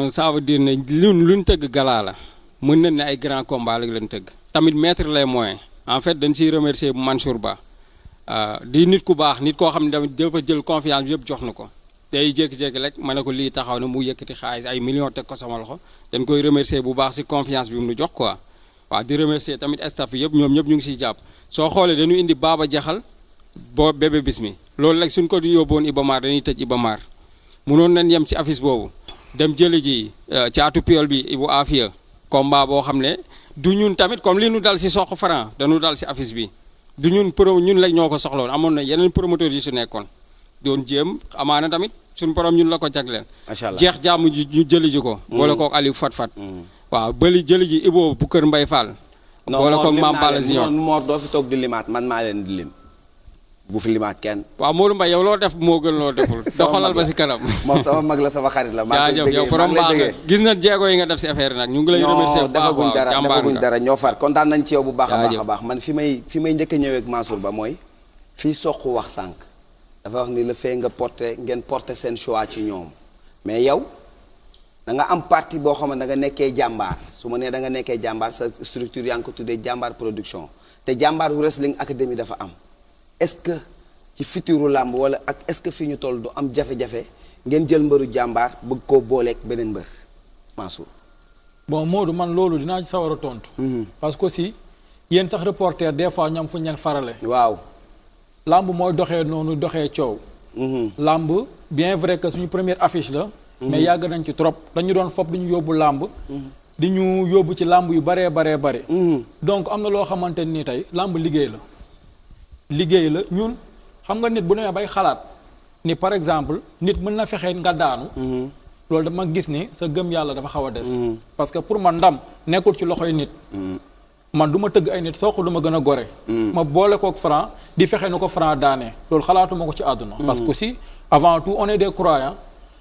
euh, ça veut dire ne luñ luñ tëgg galaa la mën nañ ne ay grand combat la leen tëgg tamit mettre les moyens en fait dañ siy remercier Mansour Ba euh, di nit ku baax nit koo xam ne dafa jël confiance bi yëpp jox na ko day jékki-jékki rek ma ne ko lii taxaw na mu yëkkati xaalis ay millions teg ko sama loxo dañ koy remercier bu baax si confiance bi mu nu jox quoi waaw di remercier tamit staff yëpp ñoom ñëpp ñu ngi siy jàpp soo xoolee dañu indi baaba jaxal boo bébé bis mi loolu rek suñ ko yóbboon Ibamar dañuy tëj maar munoon nañ yem si affiche boobu dem jëli ji euh, caatu piol bi bu Afia combat boo xam ne du ñun tamit comme li ñu dal si soq franc dañu dal si affiche bi du ñun pro ñun rek ñoo ko soxloon amoon na yeneen promoteurs yi su nekkoon. doon jéem amaana tamit suñu borom ñun la ko jagleel. macha allah jeex jàmm ji ñu jëli ji ko. Mm. boole koog Aliou Fat Fat. Mm. waaw bëli jëli ji bu Kër Mbay Fall. boole koog Maam Balla Zior non Mor doo fi toog di limaat man maa leen di lim. bu fi limaat kenn. waaw Modou Mbaye yow loo def moo gën loo deful. doxalal ba si kanam. moom sama mag la sama xarit la. maa ngi lay yow borom baax nga na jéego yi nga def si affaire nag. ñu ngi lay remercier bu baax waaw jàmbaar nga dara ñoo far kontaan nañ ci yow bu baax a baax a baax man fi may fi may njëkk a Ba mooy fii dafa wax ni le fait nga porter ngeen porter seen choix ci ñoom mais yow da nga am parti boo xam ne da nga nekkee jàmbaar su ma nee da nga nekkee jàmbaar sa structure yaa ngi ko tuddee jàmbaar production te jàmbaar wrestling académie dafa am est-ce que ci futuru làmb wala ak est-ce que fi ñu toll du am jafe-jafe ngeen jël mbëru jàmbaar bëgg koo booleek beneen mbër su bon Modou man loolu dinaa ci a tontu. Mhm. parce que aussi yéen sax reporter des fois ñoom fu ñu leen waaw. làmb mooy doxee noonu doxee coow. Mhm. làmb bien vrai que suñu première affice la. Mhm. mais yàgg nañ ci trop dañu doon fopp du ñu yóbbu làmb. Mhm. di ñu yóbbu ci làmb yu baree baree bare. donc am na loo xamante ni tey làmb liggéey la. liggéey la ñun xam nga nit bu demee bay xalaat ni par exemple nit mën na fexe nga daanu. loolu dama gis ni sa gëm yàlla dafa xaw a des. parce que pour man ndam nekkul ci loxoy nit. man du ma tëgg ay nit sooq du ma gën a gore. ma boole kook di fexe na ko Franc daane loolu xalaatuma ko ci àdduna parce que si avant tout on est des croyants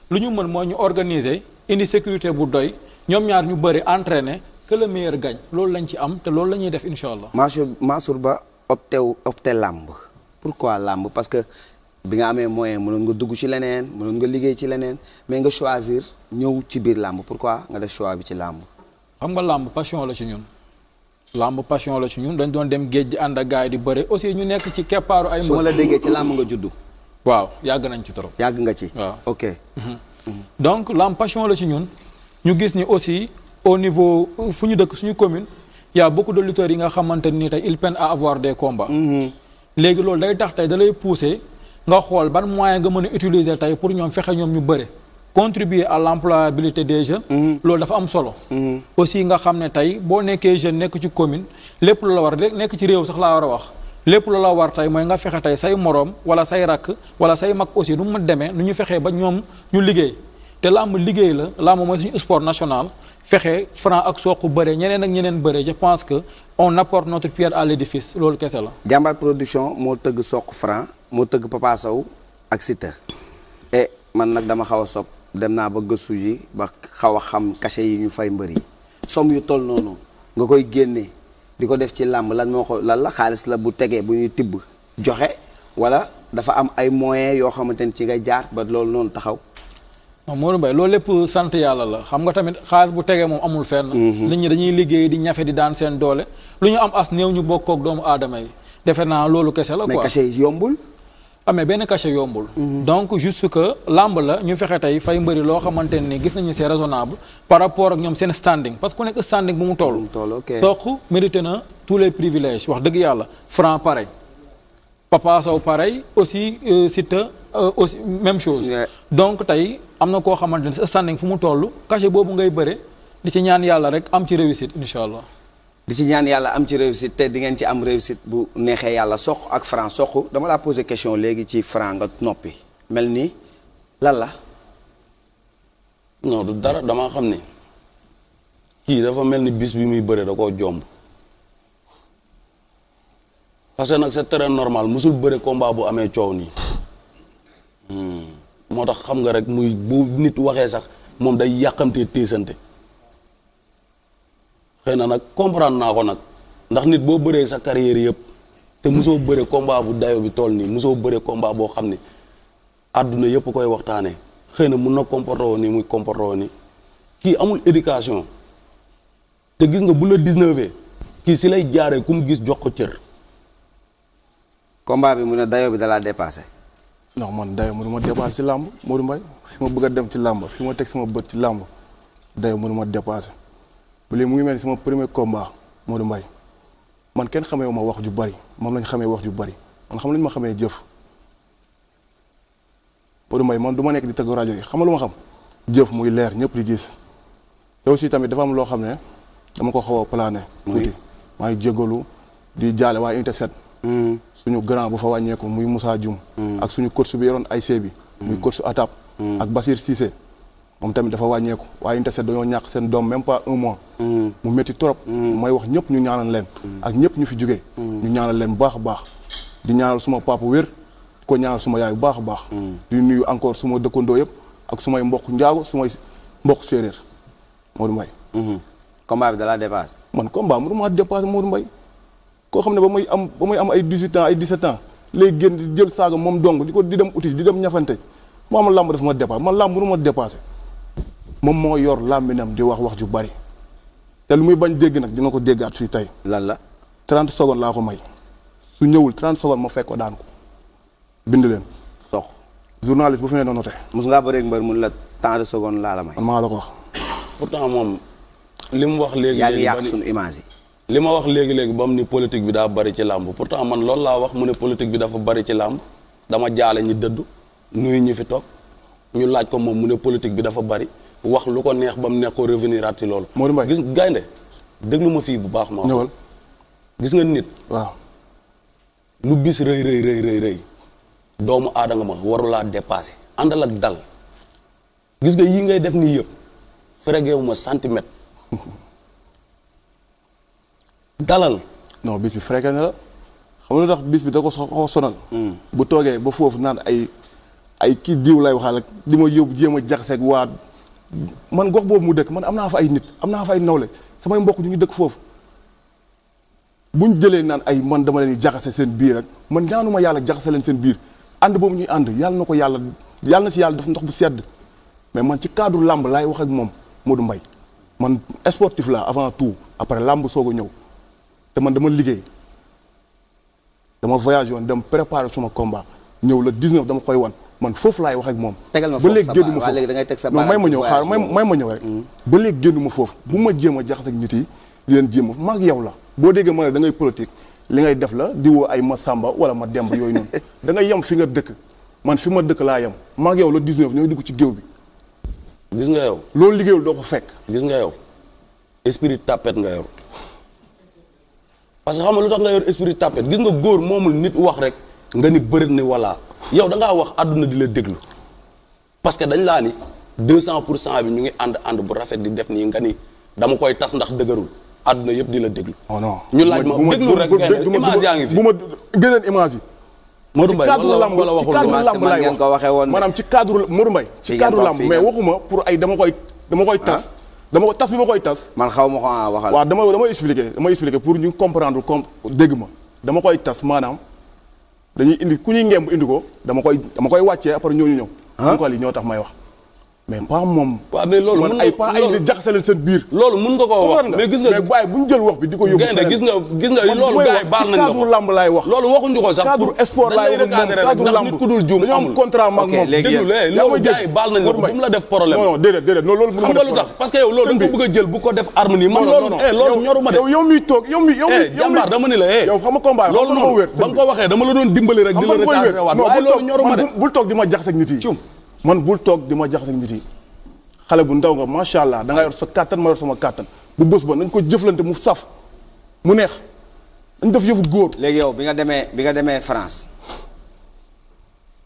lu ñu mën mooy ñu organiser indi sécurité bu doy ñoom ñaar ñu bëri entraîner que le meilleur gagne loolu lañ ci am te loolu la ñuy def incha allah. masur Mansour Ba opté opté làmb pourquoi làmb parce que bi nga amee moyen mënoon nga dugg ci leneen mënoon nga liggéey ci leneen mais nga choisir ñëw ci biir làmb pourquoi nga def choix bi ci làmb. xam nga làmb passion la ci ñun. làmb passion la ci ñun dañ doon dem géej gi ànd a gars yi di bëre aussi ñu nekk ci keppaaru ay. mbër su ma la déggee ci làmb nga juddu. waaw yàgg nañ ci trop. yàgg nga ci waaw ok. Mhm. donc làmb passion la ci ñun ñu gis ni aussi au niveau fu ñu dëkk suñu commune y' a beaucoup de lutteurs yi nga xamante ni tey ils peinent avoir des combats. Mhm. léegi loolu day tax tey da lay pousser nga xool ban moyen nga mën utiliser tey pour ñoom fexe ñoom ñu bëre. contribuer à l'employabilité des jeunes. Mhm. loolu dafa am solo. Mhm. aussi nga xam ne tey boo nekkee jeune nekk ci commune lépp lu la war nekk ci réew sax laa war a wax. lépp lu la war tey mooy nga fexe tey say moroom walla say rakk walla say mag aussi nu mu demee nu ñu fexee ba ñoom ñu liggéey te làmb liggéey la làmb mooy suñu sport national fexe Franc ak Sokh bëre ñeneen ak ñeneen bëre je pense que on apporte notre pierre à l'édifice loolu kese la. Jàmbaar production moo tëgg Sokh Franc moo tëgg Papa Sow ak Siteu eh, man nag dama xaw a sopp dem naa ba gëstu ji ba xaw a xam cachet yi ñu fay mbër yi somme yu toll noonu nga koy génne di ko def ci làmb lan moo ko lan xaalis la bu tegee bu ñuy tibb joxe wala dafa am ay moyens yoo xamante ni ci nga jaar ba loolu noonu taxaw. non Modou Mbaye loolu lépp sant yàlla la xam nga tamit xaalis bu tegee moom amul fenn. Mhm. nit ñi dañuy liggéey di ñafe di daan seen doole lu ñu am as néew ñu bokkook doomu aadama yi defe naa loolu kese la. quoi mais cachet yombul. amee benn cachet yombul. donc juste que làmb la ñu fexe tey fay mbëri loo xamante ni gis nañu see raisonnable par rapport ak ñoom seen standing parce que ku nekk standing bu mu toll. Sokh mérité na tous les privilèges wax dëgg yàlla Franc pareil Papa Sow pareil aussi euh, Siteu euh, aussi même chose. donc tey am na koo xamante ni sa standing fu mu toll cachet boobu ngay bëre di ci ñaan yàlla rek am ci réussite incha allah. di ci ñaan yàlla am ci réussite te di ngeen ci am réussite bu neexee yàlla sox ak franc soq dama laa posé question léegi ci franc nga noppi mel ni lan la. non du dara damaa xam ne kii dafa mel ni bis bi muy bëre da koo jomb parce que nag c'est très normal musul bëre combat bu amee coow nii hmm. moo tax xam nga rek muy bu nit waxee sax moom day yàqamtee téesante xëy na nag comprendre naa ko nag ndax nit boo bëree sa carrière yëpp te musoo bëre combat bu dayo bi tool nii mosoo bëre combat boo xam ne àdduna yëpp koy waxtaanee xëy na mun na comporté woon ni muy comporté woon ni kii amul éducation te gis nga bu la 19 kii si lay jaaree ku mu gis jox ko cër. combat bi mu ne dayo bi dalaa laa dépassé. non man dayo mënu ma dépassé ci làmb Modou Mbaye fi ma bëgg a dem ci làmb fi ma teg sama bët ci làmb dayo mënu ma bu léegi mu ngi mel ni sama premier combat Modou Mbaye man kenn xamee ma wax ju bari moom lañ xamee wax ju bari man xam lañ ma xamee jëf Modou Mbaye man du ma nekk di tëgg rajo yi xam lu ma xam jëf muy leer ñëpp di gis te aussi tamit dafa am loo xam ne dama ko xaw a plané. tuuti maa ngi jégalu di jaale waa Unité 7. Mm. suñu grand bu fa wàññeeku muy Moussa Dioum. Mm. ak suñu coach bi yoroon ay bi muy mm. coach ATAP. ak Basir Cissé. moom tamit dafa wàññeeku waaye Inter dañoo ñàkk seen doom même pas un mois. Mm. mu métti trop. Mm. may wax ñëpp ñu ñaanal leen. Mm. ak ñëpp ñu fi jugee. ñu ñaanal leen bu baax a baax. di ñaanal suma papa wér ko ñaanal suma yaay bu baax a baax. di nuyu encore suma dëkkandoo yëpp ak sumay mboq njaago sumay mboq séeréer Modou Mbaye. Mm-hmm. combat bi da laa dépassé. man combat mu ma dépassé Modou Mbaye koo xam ne ba muy am ba muy am ay 18 ans ay 17 ans lay génn jël saaga moom dong di di dem uti di dem ñafante maa ma làmb dafa ma dépassé man làmb mënu moom moo yor làmminam di wax wax ju bari te lu muy bañ dégg nag dina ko déggaat fii tey. lan la. 30 secondes laa ko may su ñëwul 30 secondes ma fekk daan ko bind leen. sox journaliste bu fi nee na noté. mos ngaa bëreeg mbër mu la tant de secondes laa la may. maa la ko wax. pourtant moom. li mu wax léegi léegi yaa ngi li ma wax léegi léegi ba ni politique bi daa bari ci làmb pour pourtant man loolu laa wax mu ne politique bi dafa bari ci làmb dama jaale ñi dëddu nuyu ñi fi toog ñu laaj ko moom mu ne politique bi dafa bari. wax lu ko neex ba mu neex ko revenir at ci loolu. Modou Mbaye gis gaynde déglu ma fii bu baax ma. ñëwal gis nga nit. waaw lu bis rëy rëy rëy rëy rëy doomu aadama ma warulaa dépassé àndal ak dal gis nga yi ngay def nii yëpp fregé wu ma centimètre dalal. non bi fregé na xam nga tax bis bi da ko xaw sonal. Hmm. bu toogee ba foofu naan ay ay kii diw lay waxal ak di ma yóbbu jéem a jaxaseeg waa. man gox boobu mu dëkk man am naa fa ay nit am naa fa ay nawle samay mbokk ñu ngi dëkk foofu bu ñu jëlee naan ay man dama leen di jaxase seen biir rek man ñaanuma yàlla jaxase leen seen biir ànd boobu ñuy ànd yàlla na ko yàlla yàlla na si yàlla def ndox bu sedd mais man ci cadre làmb laay wax ak moom Modou mbay man sportif la avant tout après làmb soo a ñëw te man dama liggéey dama voyage woon dem préparer suma combat ñëw la 19 dama koy wan. man foofu laay wax ak moom ba léegi génnuma foofu non may ma ñëw xaar may may ma ñëw rek mm. ba léegi génnuma foofu bu ma jéem a jaxas ak nit yi di leen jéem a maag yow la boo déggee ma ne da ngay li ngay def la di woo ay ma sàmba wala ma demb yooyu noonu da ngay yem fi nga dëkk man fi ma dëkk laa yem maag yow la 19 ñooy dugg ci géew bi gis nga yow loolu liggéeyul doo ko fekk gis nga yow esprit tapet nga yor parce que xam nga lu tax nga yor esprit tapet gis nga góor moomul nit wax rek nga ni bërit ni wala yow da wax àdduna di la déglu parce que dañ laa ni 200 pour cent bi ñu ngi ànd ànd bu rafet di def nii nga ni dama koy tas ndax dëgërul àdduna yëpp di la déglu. oh non ñu laaj ma déglu rek ngeen bu ma dëgg image yi. Modou Mbaye ci cadre lamb ci cadre maanaam ci cadre Modou Mbaye ci cadre lamb pour ay dama koy dama koy tas. dama ko tas bi ma koy tas. man xaw ma ko ah, waxal. waaw dama dama expliquer dama expliquer pour ñu comprendre comme dégg ma dama koy tas maanaam. dañuy indi ku ñuy ngemb indi ko dama koy dama koy wàccee après ñooñu ñëw. ponkal ah. yi ñoo tax may wax. mais pas moom. waaw mais loolu mën ay pas ay di jaxasale seen biir. nga koo di ko yóbbu. feneen gis nga gis nga loolu gars yi baal nañ la ko cadre lamb laay yow loolu da nga ko a jël bu ko waxee dama la doon dimbali rek di la retardé waat waaye bul toog di ma jaxase nit yi man bul toog di ma jaxase nit yi xale bu ndaw nga macha allah da yor sa kattan ma yor sama kàttan bu bés ba nañ ko jëflante mu saf mu neex dañ def yëfu góor. léegi yow bi nga demee bi nga demee France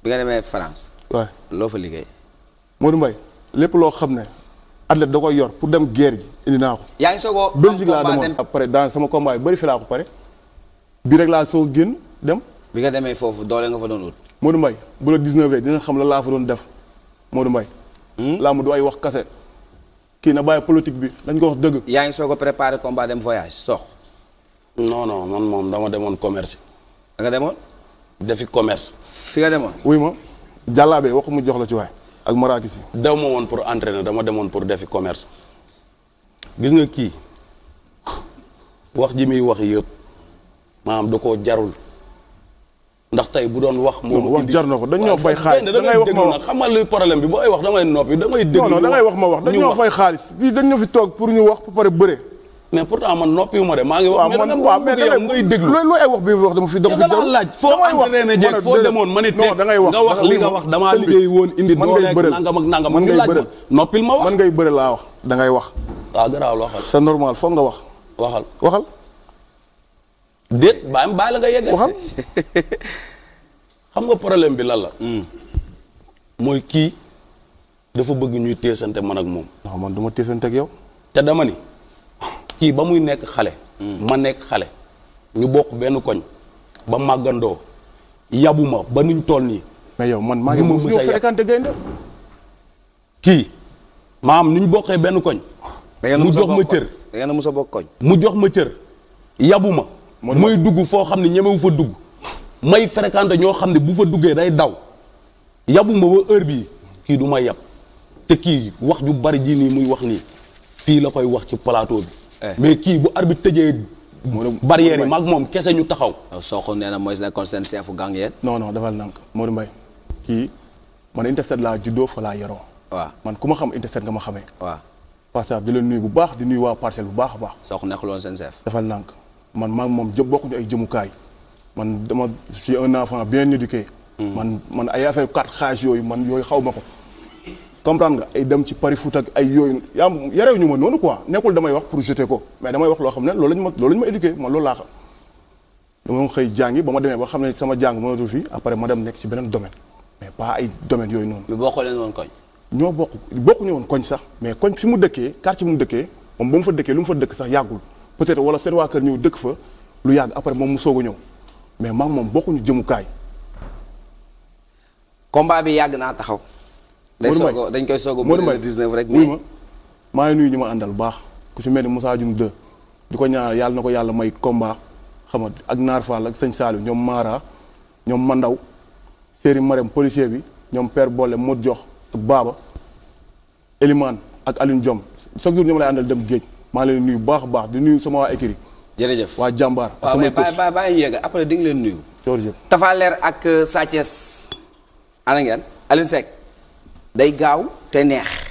bi nga demee France. waaw loo fa liggéey. Modou Mbaye lépp loo xam ne athlète da koy yor pour dem guerre ji indi naa ko. yaa ngi soog Belgique laa demoon après dans sama combat yu bëri fi laa ko pare bi rek laa soo génn dem. bi nga demee foofu doole nga fa doon wut. Modou Mbaye bu la 19 dina xam la laa fa doon def. Modou Mbaye. Hmm? làmb du ay wax kase. kii na bàyyi politique bi dañ ko wax dëgg. yaa ngi ko a préparé baa dem voyage sox. non non man moom dama demoon commerce. da nga demoon. defi commerce. fi nga demoon. wuy ma jàllaabe waxu mu jox la ci waay ak maraakis yi. daw ma woon pour entraîner dama demoon pour defi commerce. gis nga kii wax ji muy wax yëpp maanaam da ko jarul. ndax tey bu doon wax. moom wax jar na ko dañ ñoo fay xaalis da ngay wax ma wax boo ay wax damay noppi damay. déglu non da ngay wax ma wax dañ ñoo fay xaalis. fii dañ ñoo fi toog pour ñu wax ba pare bëre. mais pourtant man noppi de maa ngi. wax mais da nga ngay déglu looy ay wax wax dama fi dama fi dama laaj foo entraîné ne jeeg foo demoon ma ne teg nga wax li nga wax damaa liggéey woon indi doole nangam ak nangam man ngay bëre wax man ngay bëre laa wax da wax. waaw ah, garaaw waxal c'est normal foog nga wax waxal déet baam baal la nga yegg xam xam nga problème bi lan la. Hmm. mooy kii dafa bëgg ñuy teesante man ak moom. waaw man du ma teesante ak yow. te dama ni kii ba muy nekk xale. Hmm. ma nekk xale. ñu bokk benn koñ. ba màggandoo. yabuma ba nuñ toll nii. mais yow man maa ngi mu yow fréquenté kii maam nu ñu bokkee benn koñ. mu jox ma cër. da ngeen a koñ. mu jox ma cër. yabuma. mooy dugg foo xam ne ñemewu fa dugg may fréquenté ñoo xam ne bu fa duggee day daw yabu ma ba heure bii kii du ma yab te kii wax ju bari ji nii muy wax nii fii la koy wax ci plateau bi eh. mais kii bu ar arbitre tëjee barrière yi maag moom kese ñu taxaw sooxu nee na mooy seen seefu gang yeen non non dafal nank Modou Mbaye kii man interset laa juddoo fa laa yaroo waaw man ku ma xam interset nga ma xamee waaw parce que di la nuy bu baax di nuyu waa parcelle bu baax a baax sooxu nekkul woon seen man maam moom jë bokkuñu ay jëmukaay man dama je suis un enfant bien éduqué. Hmm. man man ay affaire carte xaaj yooyu man yooyu xaw ma ko. comprendre nga ay dem ci pari foot ak ay yooyu yaa yarewuñu ma noonu quoi nekkul damay wax pour ko mais damay wax loo xam ne loolu lañ ma loolu lañ ma éduqué man loolu laa xam. jàngi ba ma demee ba xam ne sama jàng mënatul fii après ma dem nekk ci benn domaine mais pas ay domaine yooyu noonu. lu bokkoo leen woon koñ. ñoo bokk bokkuñu woon koñ sax mais koñ fi mu dëkkee quartier fi mu moom ba mu fa dëkkee lu mu fa dëkk sax yàggul. peut-être wala seen waa kër ñëw dëkk fa lu yàgg après moom mu soog ñëw mais maam moom bokkuñu jëmukaay. combat bi yàgg naa taxaw. dañ soog dañ koy soog a. Modou Mbaye rek mais ma maa ngi nuyu ñu ma àndal baax ku ci mel ni Moussa Dioum 2 di ko ñaanal yàlla na ko yàlla may combat xam nga ak Naar Fall ak sëñ Saliou ñoom Mara ñoom Mandaw Serigne Marème policier bi ñoom Père Bolle Modou Jox ak Baba ak Alioune Diom chaque ñoom lay àndal dem géej. maa leen nuyu baax a baax du nuyu sama waa écurie jërëjëf waa jàmbaar ak sama coach waaw mais ñu yegg après di nga leen nuyu. jërëjëf Tapha Leer ak Sa Thiès ana day gaaw te neex.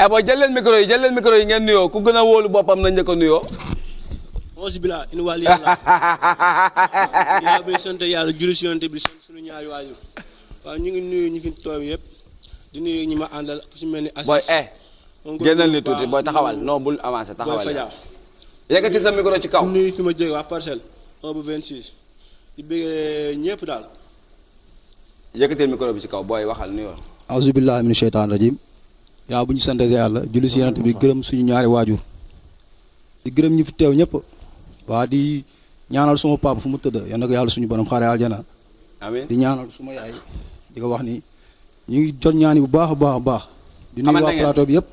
eh booy jël leen yi jël leen micro yi ngeen nuyoo ku gën a wóolu boppam sant yàlla juri si yonte waaw ñu ngi nuyu ñu fi yëpp di nuyu ñi ma àndal ku mel ni. booy eh génnal ni tuuti booy taxawal non bul avancé taxawal la yëkkati sa micro ci kaw. di ma jóge waa parcelle 1 bu 26 di eh, ñëpp daal. yëkkatil micro bi ci kaw booy waxal nuyoo. auzu bilaahi mina sheytaani rajiim. yaa bu ñu sant yàlla julli si yonent bi gërëm suñu ñaari waajur di gërëm ñi fi teew ñëpp waa di ñaanal suma papa fu mu tëdd yal na yàlla suñu borom xaare aljana di ñaanal suma yaay di wax ni ñu ngi jot ñaani bu baax a baax a baax di nuyu waa plateau bi yëpp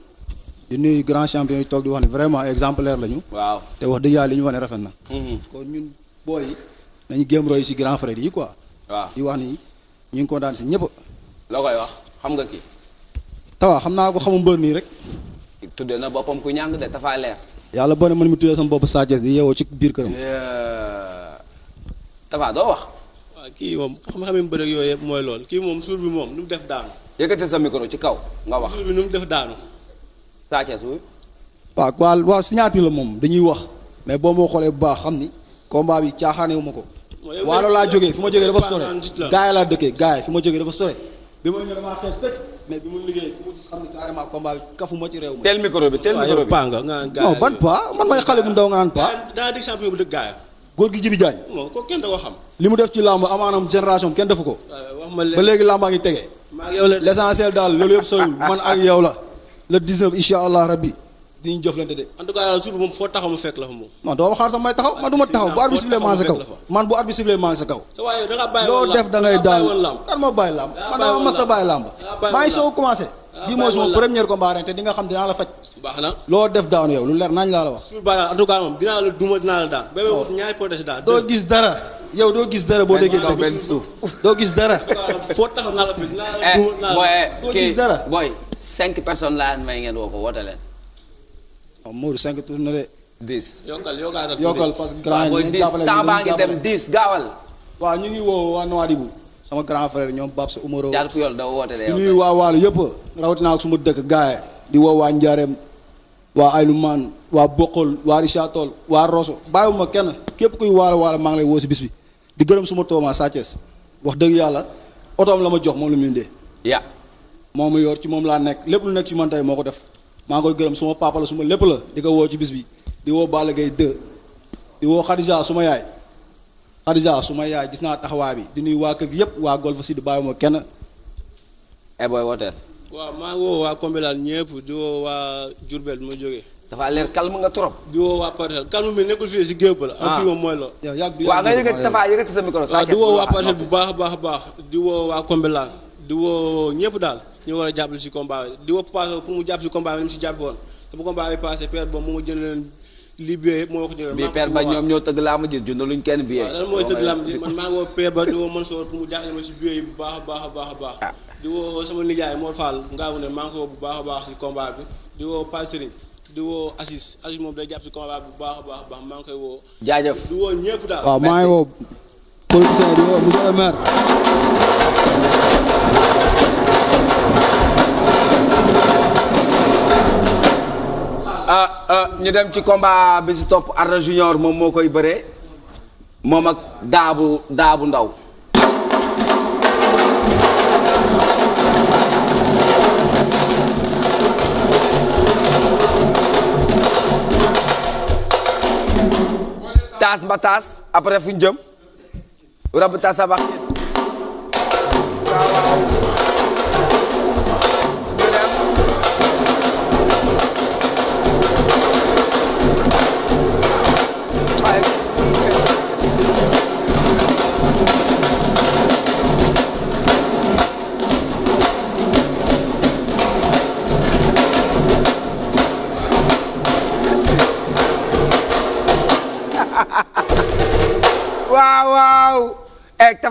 di nuyu grand champion yi toog di wax ni vraiment exemplaire lañu waaw te wax dëgg yàlla li ñu wane rafet na mm-hmm. kon ñun booy nañu gëm roy si grand frère yi quoi waaw di wax ni ñu ngi kontaan si ñëpp loo tawa xam naa ko xamu mbër nii rek. tuddee na boppam ku ñàng de dafa leer. yàlla boo ne man mi tuddee sama bopp Sa Thiès di yeewoo ci biir këram. tafa doo wax. kii moom xam-xam mbër ak yooyu yëpp mooy kii moom suur bi moom nu mu def daanu. yëkkati sa micro ci kaw nga wax suur bi nu mu def daanu. Sa Thiès wuy. waaw waaw waaw signature la moom dañuy wax mais boo moo xoolee bu baax xam ni combat bi caaxaanewu ma ko. waalo laa jógee fi ma jógee dafa sore. gaay laa dëkkee gaay fi ma jógee dafa sore. ma ñëw damaa xees fekk. mais bi mu liggéey mu gis xam kafu ma ci réew mi. tel micro bi tel micro bi paa nga nga naan. non man may xale bu ndaw nga naan paa. góor gi Jibi Jaañ. non ko kenn da li mu def ci làmb amaanam génération kenn defu ko. Euh, wax ma léegi ba léegi ngi tege. maa ngi yow la l'essentiel daal loolu yëpp soriwul man ak yow la le 19 incha allah rabbi dañuy jëflante de en tout cas suuf moom foo taxaw mu fekk la fa moom. non doo da nga bàyyi woon làmb loo da ngay daal kan ma bàyyi làmb. man daa ma a bàyyi làmb. maa ngi di nga xam dinaa la faj. loo def daanu yow lu leer nañ laa la wax. ba ñaari protégé doo gis dara. yow doo gis dara boo déggee benn suuf doo gis dara. foo taxaw naa la fekk naa la eh, duma naa doo gis dara. booy Mourou 5 tour na de. 10 yokkal yokkal parce que grand ngi dem 10 gaawal. waaw ñu ngi woo waa Nouadhibou sama grand frère ñoom Babsa Umaro. jaal ku yool de. nuyu waa Waalo yëpp rawatina ak suma dëkk gaay di woo waa Njaareem waa Aylumaan waa Boqol waa Richard Toll waa Rosso bàyyiwuma kenn képp kuy waalo waalo maa ngi lay woo si bis di gërëm suma tooma Sa Thiès dëgg yàlla otoom la ma jox moom la mu indee. yaa. moom mu yor ci moom laa nekk lépp lu nekk ci man tey moo ko def. maa ngi koy gërëm suma papa la suma lépp la di ko woo ci bis bi di woo Balla Gaye 2 di woo Khadija suma yaay gis naa taxawaay bi di nuy waa kër gi yëpp waa Golf Sud bàyyi ma kenn. eh booy wooteel. waaw maa ngi woo waa Kombelaan ñëpp di woo waa Diourbel mu dafa leer calme nga trop. di woo waa Parcelles calme mi nekkul ah. saa di bu baax a a baax di waa Kombelaan di woo daal. ñu war a jàppale si combat bi di woo mu jàpp si combat bi ni mu si jàpp woon te bu combat bi passé père ko jënd. maa ngi père ñoo tëgg laa ma jël jëndaluñ kenn billet. waaw lan mooy tëgg laa ma jël man maa ngi woo père ba di ma si billet yi bu baax a baax a baax ah. woo sama nijaay Mor Fall ngaa ko ne maa bu baax a baax si combat di woo di woo Assis Assis moom day jàpp si combat bu baax a baax a baax maa ngi koy woo. jaajëf woo ñëpp daal. waaw maa ngi woo. politicien Ah, ah, ñu dem ci combat bi si topp Arda Junior moom moo koy bëree moom ak daabu daabu ndaw taas ba taas après fu jëm rab taas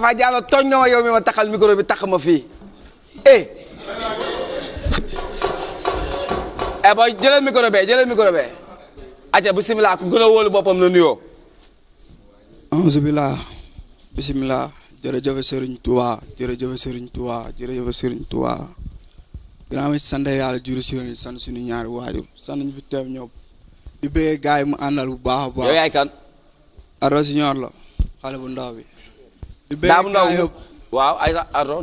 Moustapha Diallo tooñ na yow mi ma taxal micro bi tax ma fii eh. eh booy jëlal micro bee jëlal micro bee. aca bisimilah ku gën a wóolu boppam la nuyoo. alhamdulilah bisimilah jërëjëf Serigne Touba jërëjëf Serigne Touba jërëjëf Serigne Touba. ginnaaw ma sant yàlla juru si yoon sant suñu ñaari waajur sant ñu fi teew ñoom. di yi mu àndal bu baax a baax. yow yaay kan. Ardo Signor la xale bu ndaw daaw ndaw waaw ay arto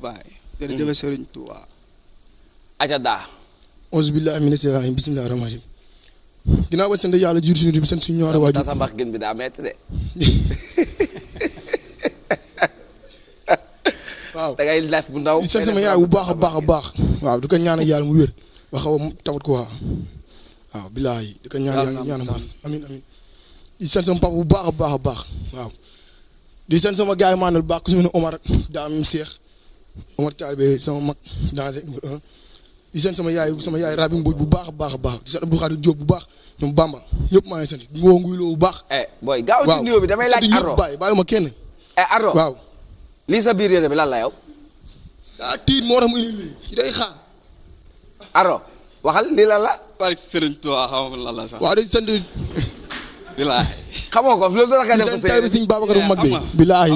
ba sant yàlla bi sant suñu ñaari waajur sa mbax bu ndaw sant sama yaay bu baax a baax a baax waaw du ko ñaanal yàlla mu wér ba xaw a tawat ko waaw waaw billaahi di ko ñaan yàlla ñaanal amiin amiin sant sama papa bu baax a baax a baax waaw di seen sama gars yi maanaam bu baax ku si mel ne Omar Dame Seex Omar Taalibé sama mag danger numéro di seen sama yaay sama yaay Rabi Mbodj bu baax a baax a baax di seen Abdou bu baax ñoom Bamba ñëpp maa ngi sant di Nguy Lo bu baax. Eh, booy gaaw si nuyoo bi damay laaj Ardo ma kenn. Eh, Ardo waaw. biir yére bi lan la yow. ah tiit moo tax waxal lii lan la. bari di sant. bilaay xamoo ko loolu dara kay def ko seen taalibe mag bi bilaay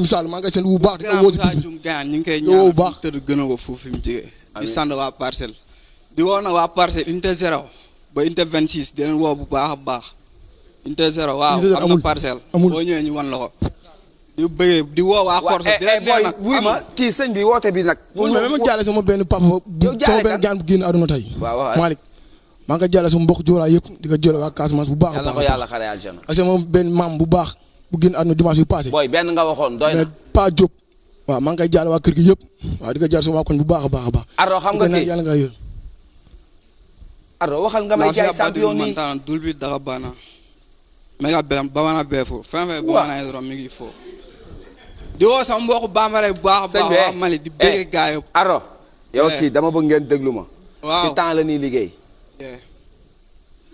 imsaal maa ngi seen bu baax di ko woo si a ko foofu fi mu jege di sant waa parcelle di woo na waa parcelle unité zéro ba unité vingt six di leen bu baax a baax unité zéro waaw am na parcelle di bëggee woo waa Corso di leen nee nag wuy kii sëñ bi woote bi nag ma jaale sama benn papa sama benn gaan bu génn àdduna tey Malick maa ngi ko jàllale sama mbokk yëpp di ko jëlee waa Casamance bu baax a baax. yàlla ko yàlla xaree aljana ak sama benn maam bu baax bu génn àdduna dimanche nga waxoon kër gi yëpp waaw di ko jàllale sama bu baax a baax a baax. Ardo xam nga kii yàlla nga waxal nga may jaay champion nii dul bi daga baana. mais nga mi fo. di woo sama mbokku bambara bu baax a baax Mali di bëgg eh, eh, gaa yëpp. Ardo yow eh. kii dama bëgg ngeen déglu ma. waaw ci temps la nii liggéey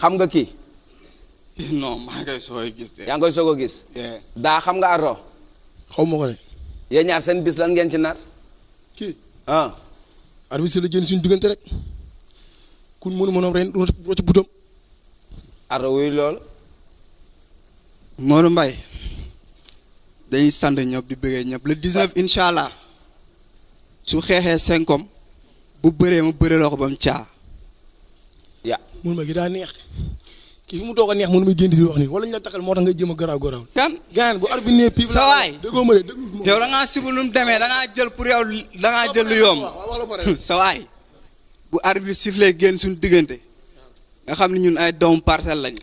xam nga ki gis de. yaa ngi koy soog gis. daa xam nga Ardo. xaw ma ko de. yéen ñaar seen bis lan ngeen ci nar. ki ah. arbitre la jën suñ diggante rek. kun mënu mënoom ren rocc butam. Ardo wuy lool. Modou Mbaye. dañuy sant ñëpp di bëggee ñëpp le 19 incha allah su xeexee cinq bu bëree mu bëree loo ko caa. mun ma gi daa neex ki mu toog a neex mun ma génn di wax nii wala ñu la taxal moo tax nga jëm a garaaw garaaw. gan gan bu arbitre bi nee pii. sa waay déggoo ma jël pour yow da ngaa jël lu yomb. sa waay bu arbitre bi sifflé génn suñu diggante nga xam ne ñun ay doomu parcelle lañu.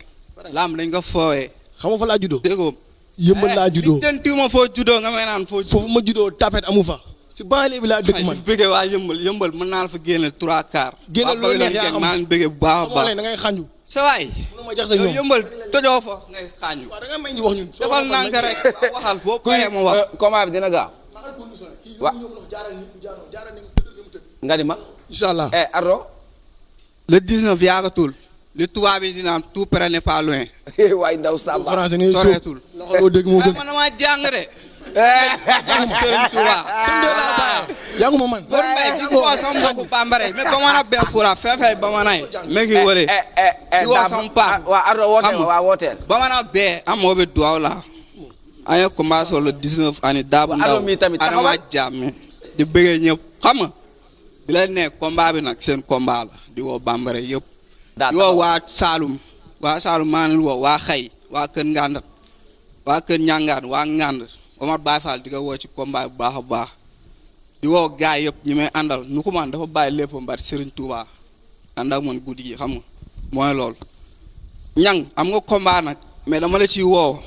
laam dañ ko foowee. xam fa laa juddoo. déggoo yëmbal eh, laa juddoo. li tëntiwuma foo juddoo foofu ma juddoo tapet amu fa. si la bi laa dëkk man bëggee waa yëmbal yëmbal mën naa la fa génne trois quarts. génne loolu neex yaa maa leen bëggee bu baax a baax da ngay xàññu. sa waay sa ñoom yëmbal tojoo fa ngay xàññu. waaw da nga may ñu wax ñun. defal nànk rek waxal boo wax. Euh, comment bi dina gaaw. wa nga ni ma. incha allah eh Ardo. le 19 yaakatul. li tubaab yi dina am tout près n'est pas loin. waay ndaw Samba. français ne soo soreetul. loo dégg moo gën. Ah, man damaa jàng de. Serigne Touba. jaguma man. wari mbay ki ko san mako bambare me bamana k'i wele. pa. wa a dɔ wɔtɛl wa wɔtɛl. bamanan bɛɛ an mago bɛ duwawu la an ye kunba di bëggee ñëpp xam nga di la nag seen combat di woo bambare yëpp. di woo waa Saalum waa Saalum maa ngi waa Xay waa Kër Ngandar waa Kër Ñangaan waa Ngandar. Omar Baye Fall di ko woo ci combat bu baax a baax di woo gars yëpp ñi may àndal nu ko man dafa bàyyi lépp mbari Serigne Touba ànd ak man guddi gi xam nga mooy loolu. ñang am nga combat nag mais ma la ci woo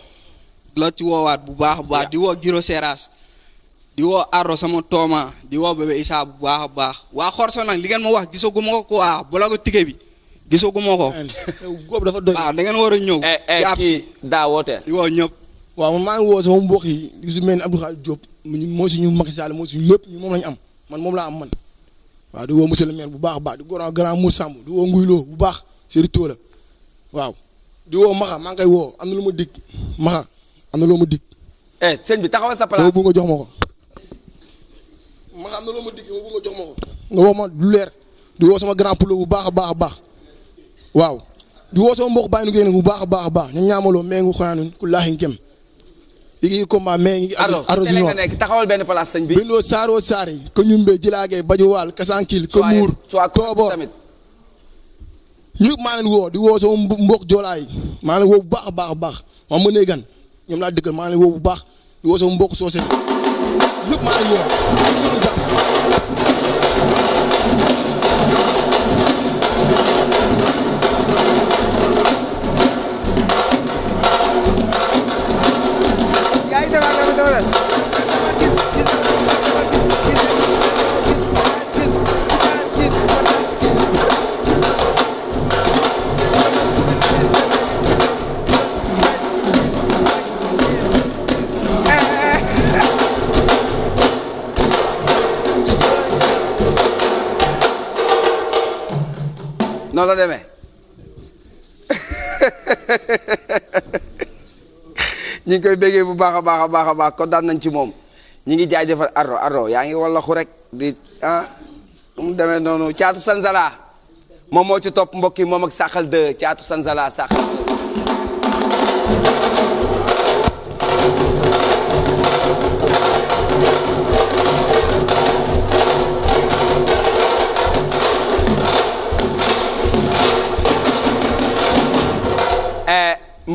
la ci woowaat bu baax a baax di woo Giro Seras di woo Ardo sama tooma di woo bébé Issa bu baax a baax waa Xorso nag li ngeen ma wax gisagu ma ko quoi balaa ko tige bi. gisagu ma ko. góob dafa doy. waaw ah, da ngeen war a ñëw. ci eh, ab eh, si daa woote. di woo ñëpp. waaw maa ngi woo sama mbokk yi li si mel ni Abdou Khadir Diop ñu mooy suñu Macky Sall mooy suñu ñu moom lañu am man moom laa am man waaw di woo monsieur le maire bu baax a baax di grand grand Moussa Samb di woo Nguy Lo bu baax Serigne Tola la waaw di woo maa ngi koy woo am na lu ma dig Maxa am na loo ma dig. eh sëñ bi sa place nga jox ma ko. ma dig doo bëgg jox ma ko. nga wax ma leer di woo sama grand Poulo bu baax a baax a baax waaw di woo sama mbokk bàyyi nu génn bu baax baax a baax ñu ñaamaloo méngu xanaa ku laaxiñ kem. yigi combat mais arrosi no taxawal benn place sëñ bi bindoo saaro saari ko ñumbe jilaage bajuwaal kasankil ko muur toobor ñëpp maa leen woo di woo sama mbokk joolaa yi maa leen woo bu baax a baax a baax ma mënee gan ñoom laa dëkkal maa leen woo bu baax di woo sama mbokk soose ñëpp maa woo noonu la demee ñu ngi koy béggee bu baax a baax a baax a baax kon daan nañ ci moom ñi ngi jaajëfal arro arro yaa ngi wallaxu rek di ah mu demee noonu caatu sanzala moom moo ci top mbokk yi moom ak saxal de caatu sanzala saxal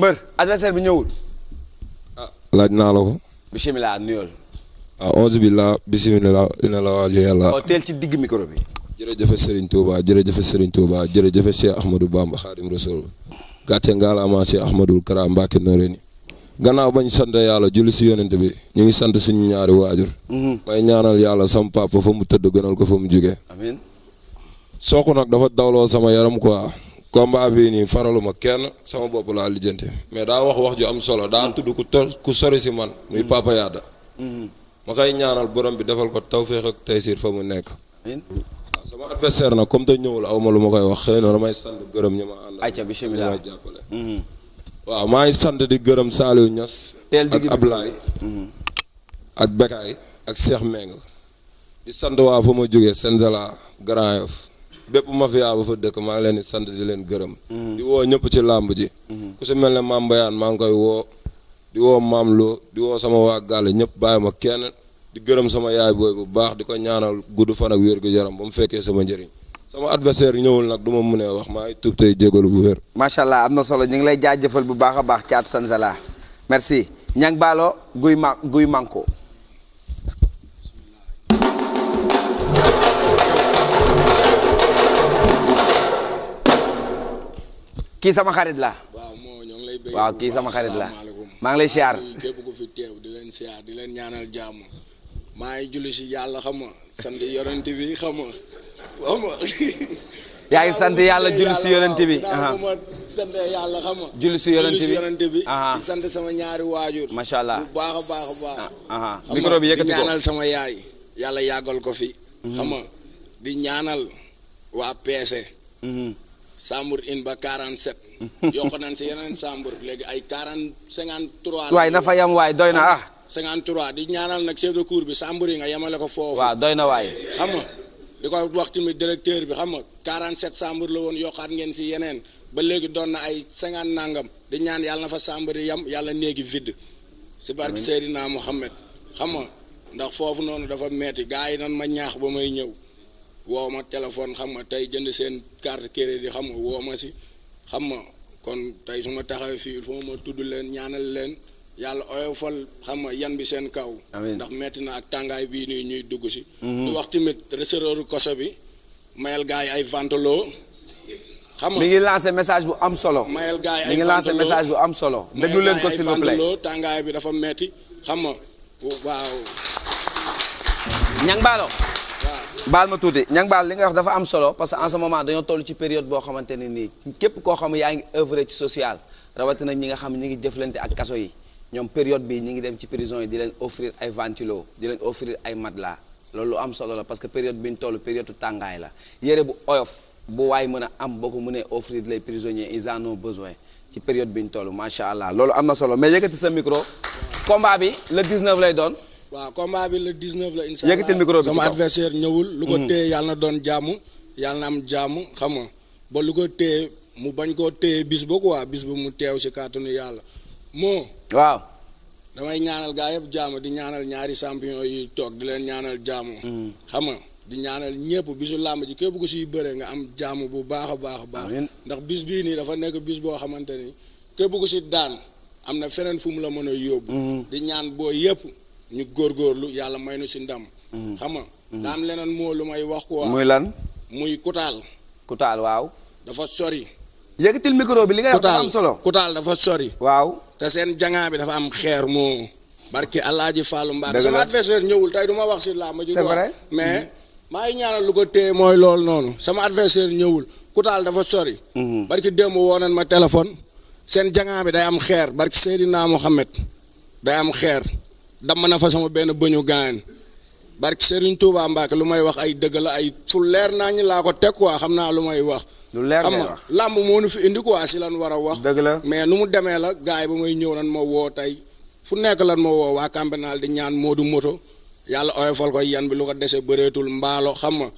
mbër adversaire bi ñëwul. Ah, laaj naa la ko. bisimilah nuyool. waaw ah, onze bi la bisimilah la waaju yàlla. waaw oh, ci digg micro bi. jër Serigne Touba jërëjëf Serigne Touba jërëjëf Cheikh Ahmadou Bamba Khadim Rasoul gàcce ngaalaamaa Cheikh Ahmadou Kara Mbacke Noreyni gannaaw bañ sant yàlla julli si yonent bi ñu ngi sant suñu ñaari waajur. Mhm. may ñaanal yàlla sam fa mu tëdd gënal ko fa mu jugee. amiin. sooku nag dafa dawloo sama yaram quoi. combat bii nii faraluma kenn sama bopp laa lijjanti mais daa wax wax ju am solo daa mm. tudd ku to ku sori si man. muy mm. Papa Yada. Mm-hmm. ma koy ñaanal borom bi defal ko tawféex ak taysiir fa mu nekk. waaw sama adversaire nag comme te ñëwul aw ma lu ma koy wax xëy na damay sant gërëm ñu ma àndal. ayca mm-hmm. waaw maa ngi sant di gërëm Saliou Niass. ak Ablaye. Mm-hmm. ak Bekaay Meng. di sant waa fa ma jógee Senzala Grand Yoff bépp mafia bu fa dëkk maa leen di sant di leen gërëm. Mm. di woo ñëpp ci làmb ji. Mm. ku si mel ne maam Bayaan maa ngi koy woo. di woo maam Lo di woo sama waa gàlle ñëpp bàyyi ma kenn di gërëm sama yaay booy bu baax di ko ñaanal gudd fan ak wér gu jaram ba mu fekkee sama njëriñ. sama adversaire ñëwul nag du ma mun mënee wax maa ngi tuub jégalu bu wér. macha allah am na solo ñu ngi lay jaajëfal bu baax a baax Thiatou Sanzala merci. Niang baalo Guy Ma Guy Manko. kii sama xarit la waaw moo ñoo ngi kii sama xarit la maa ngi lay siyaar képp ku fi teew di leen siyaar di leen ñaanal jàmm maa ngi julli si yàlla xam nga sant yonent bi xam nga ngi sant yàlla julli si yonent bi ma sant julli si yonent bi bi di sant sama ñaari waajur macha allah bu baax a baax a baax ah, micro di ñaanal sama yaay yàlla yàggal ko fi mhm. xam di ñaanal waa peese mhm. chambre une ba 47. yokk nañ si yeneen chambre léegi ay 40 53. waay na fa yam waaye doy na ah. 53 di ñaanal nag chef de cour bi chambre yi nga yemale ko foofu. waaw doy na waaye xam nga di ko wax tamit directeur bi xam nga 47 chambre la woon yokkaat ngeen si yeneen ba léegi doon na ay 50 nangam di ñaan yàlla na fa chambre yi yam yàlla néegi vide. si barke Seydina Mohamed xam nga ndax foofu noonu dafa metti gars yi nan ma ñaax ba may ñëw. woo ma téléphone xam nga tey jënd seen carte crédit xam nga wooma si xam nga kon tey su ma taxawee fii il ma tudd leen ñaanal leen yàlla oyofal xam nga yan bi seen kaw. ndax metti na ak tàngaay bii nii ñuy dugg si. Mhm. du wax tamit restaurateur koso bi mayal gars yi ay ventilo. xam nga li ngi lancé message bu am solo. mayal gars yi ay ventilo mi message bu am solo. déglu leen ko s'il vous plaît tàngaay bi dafa metti xam nga waaw. Niang Ballo baal ma tuuti ñang baal li nga wax dafa am solo parce que en ce moment dañoo toll ci période boo xamante ne nii képp koo xam yaa ngi œuvre ci social rawatina ñi nga xam ñi ngi jëflante ak kaso yi ñoom période bi ñi ngi dem ci prison yi di leen offrir ay ventilo di leen offrir ay matelas loolu am solo la parce que période bi ñu toll période tàngaay la yére bu oyof bu waay mën a am boo ko mënee offrir les prisonniers ils en ont besoin ci période bi ñu toll macha allah loolu am na solo mais yëkkati sa micro combat bi le 19 lay doon. waaw combat bi le 19 la incha allah yëkkatil micro bi sama adversaire ñëwul. lu ko mm-hmm. téye yàlla na doon jàmm yàlla na am jàmm xam ba lu ko téye mu bañ koo téye bis ba waa bis ba mu teew si kàttanu yàlla moo. waaw. damay ñaanal gaa yëpp jàmm di ñaanal ñaari champion yi toog di leen ñaanal jàmm. Mm-hmm. xam nga di ñaanal ñëpp bisu làmb ji képp ku si bëre nga am jàmm bu baax a baax a baax. ndax bis bii nii dafa nekk bis boo xamante ni képp ku si daan am na feneen fu mu la mën a yóbbu. Mm-hmm. di ñaan boo yëpp. ñu góor góorgóorlu yàlla may nu si ndam. Mm-hmm. xam nga. Mm-hmm. daam leneen moo lu may wax ko muy lan muy kutaal. kutaal waaw. dafa sori. yëkkatil micro bi li nga wax dafa am solo. kutaal sori. waaw te seen jangaa bi dafa am xeer mu barki Alaaji Fallou Mbacké sama adversaire ñëwul tey du ma wax si laa ma. c'est vrai mais. Mm-hmm. maa ngi ñaanal lu ko téye mooy loolu noonu sama adversaire ñëwul kutaal dafa sori. barki démb woo ma téléphone. seen jangaa bi day am xeer barki Seydina Mohamed day am xeer. damm na fa sama benn bëñu gaañ barke Serigne Touba Mbacke lu may wax ay dëgg la ay fu leer naa ñu laa ko teg quoi xam naa lu may wax. lu leer xam nga làmb moo nu fi indi quoi si lan war a wax. dëgg la mais nu mu demee la gars yi ba may ñëw lan ma woo tey fu nekk lan ma woo waa Campenal di ñaan Modou moto yàlla oyofal ko yan bi lu ko dese bëreetul mbaalo xam nga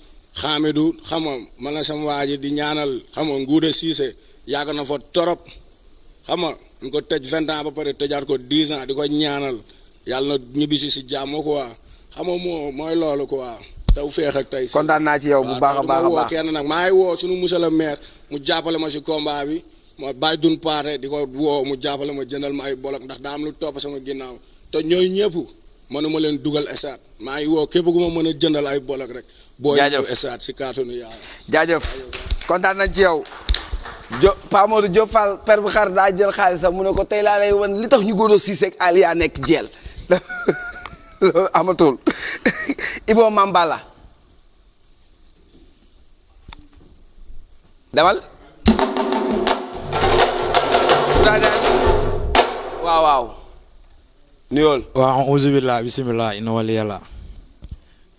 xaamidu xam nga man la sama waa ji di ñaanal xam nguude siise yàgg na fa torop xam nga ñu ko tëj vingt ans ba pare tëjaat ko dix ans di ko ñaanal. yàlla na ñibbisi si jàmm quoi xam nga moo mooy loolu quoi. taw féex ak tey si kontaan naa ci yow bu baax a baax a baax kenn nag maa ngi woo suñu monsieur le maire mu jàppale ma si combat bi ma bàyyi dun paate di ko woo mu jàppale ma jëndal ma ay bolok ndax daa am lu topp sama ginnaaw te ñooy ñëpp mënuma leen dugal esaat maa ngi woo képp ku ma mën a jëndal ay bolok rek. boo ñëw esaat si kàttanu yàlla. jaajëf kontaan nañ ci yow. jo Pa Modou Diop Fall per bu xar daa jël xaalisam mu ne ko tey laa lay wan li tax ñu góor a Cissé ak Aliou yaa nekk jeel loolu amatul Ibo Mambala demal waaw waaw nuyool waaw auzu billah bismillah inna wali yàlla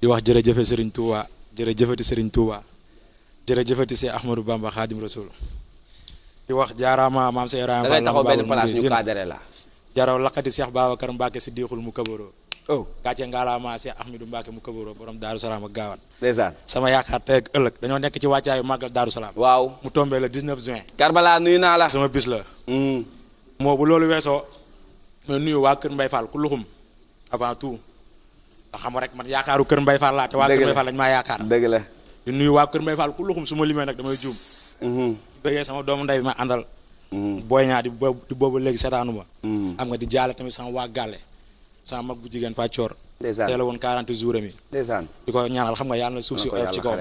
di wax jërëjëfe Serigne Touba jërëjëfati Serigne Touba jërëjëfati si Ahmadou Bamba Khadim Rasoul di wax jaaraama maam sa Ibrahima Fall la jaraw laqati Cheikh Babacar Mbacke si diixul mu kabaroo oh gàcce ngaalaamaa Cheikh Ahmedou Mbacke mu kabaroo borom Daaru Salaam ak Gaawaan sama yaakaar tey ak ëllëg dañoo nekk ci wàccaayu màggal màgg Salaam waaw mu tombé le 19 juin Karbala nuyu naa la sama bis la mm. moo bu loolu weesoo ma nuyu waa Kër Mbay Fall ku luxum avant tout nga xam rek man yaakaaru Kër Mbay Fall laa te waa Kër Mbay Fall lañ maa yaakaar dëgg la di nuyu waa Kër Mbay Fall ma limee nag damay juum mm-hmm. bëggee sama doomu àndal booy ñaa di di boobu léegi seetaanuma mm. am nga di jaale tamit sama waa gàlle sama mag bu jigéen faa coor teel a woon 40 jours mi di ko ñaanal xam nga yàlla na suuf si oyof ci kaw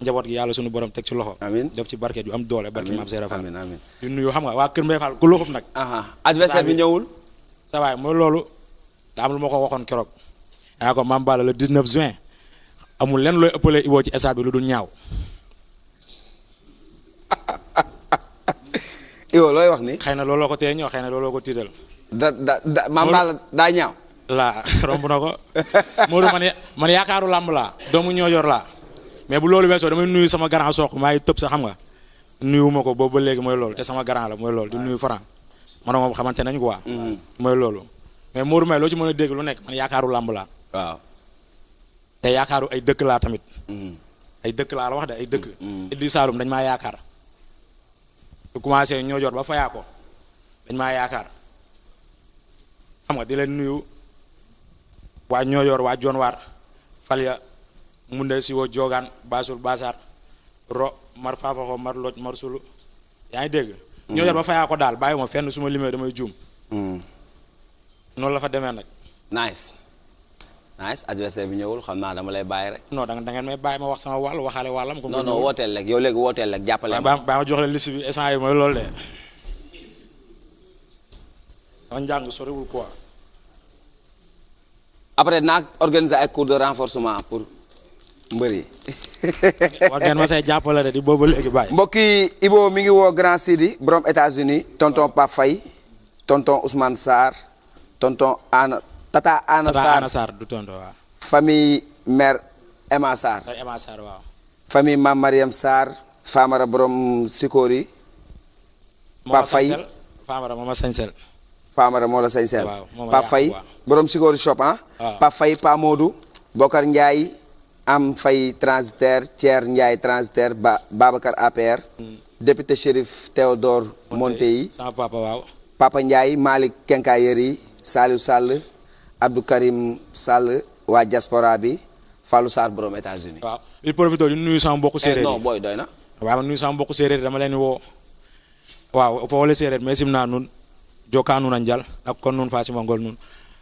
njaboot gi yàlla suñu borom teg ci loxo def ci barket yu am doole barke maam Seera Fall di nuyu xam nga waa Kër Mbaye Fall ku loxub nag adversaire bi ñëwul sa waay mooy loolu daa am lu ma ko waxoon keroog yaa ko maam Balla le 19 juin amul lenn looy ëppalee Ibou ci looy wax ni. xëy na looloo ko tee ñëw xëy na looloo ko tiital. da da da maam Balla daa ñaaw. laa romb na ko Modou man man yaakaaru làmb laa doomu ñoo yor laa mais bu loolu weesoo damay nuyu sama grand sox maa ngi tëb sa xam nga nuyuwuma ko boobu ba léegi mooy loolu te sama grand la mooy loolu di nuyu Franc man moom xamante nañ quoi. Mm-hmm. mooy loolu mais Modou Mbaye loo ci mën a dégg lu nekk man yaakaaru làmb laa. waaw te yaakaaru ay dëkk laa tamit. Mm-hmm. ay dëkk laa la wax de ay dëkk. Mm-hmm. Idi Saloum dañ maa yaakaar. su commencé ñoo jot ba fayaa ko dañ ma yaakaar xam nga di leen nuyu waa ñoo yor waa jonwaar falya munde si wo jogaan baasul baasaar ro mar faafaxo mar loj mar sulu yaa ngi dégg mm. ñoo yor ba fayaa ko daal bàyyi ma fenn suma ma limee damay juum mm. noonu la fa demee nag nice adversaire bi ñëwul xam naa dama lay bàyyi rek. non da may bàyyi ma wax sama wàll waxaale wàllam. comme non non wooteel rek yow léegi wooteel rek jàppale. ba ma jox leen liste de. renforcement pour mbër war ngeen ma mi ngi borom États-Unis tonton Pape tonton Ousmane Sarr tonton Anna. Tata Anna famille mère Emma Sarr. mère Emma famille maam Mariam Sarr. Famara borom Sikori. Pa Fay Famara moo ah. Bokar Ndiaye am Fay transitaire Thier Ndiaye transitaire ba APR. Mm. député Chérif Théodore Monteil. sama papa waaw. papa Ndiaye Malick Abdou Karim Sall waa diaspora bi Fallou Sarr borom États-Unis waaw di profité di nuyu sama mbokku séeréer eh, yi na. waaw man nuyu sama dama leen woo waaw fo wole séeréer mais sim naa nun joka nun a njal ak kon nun fa simangol nun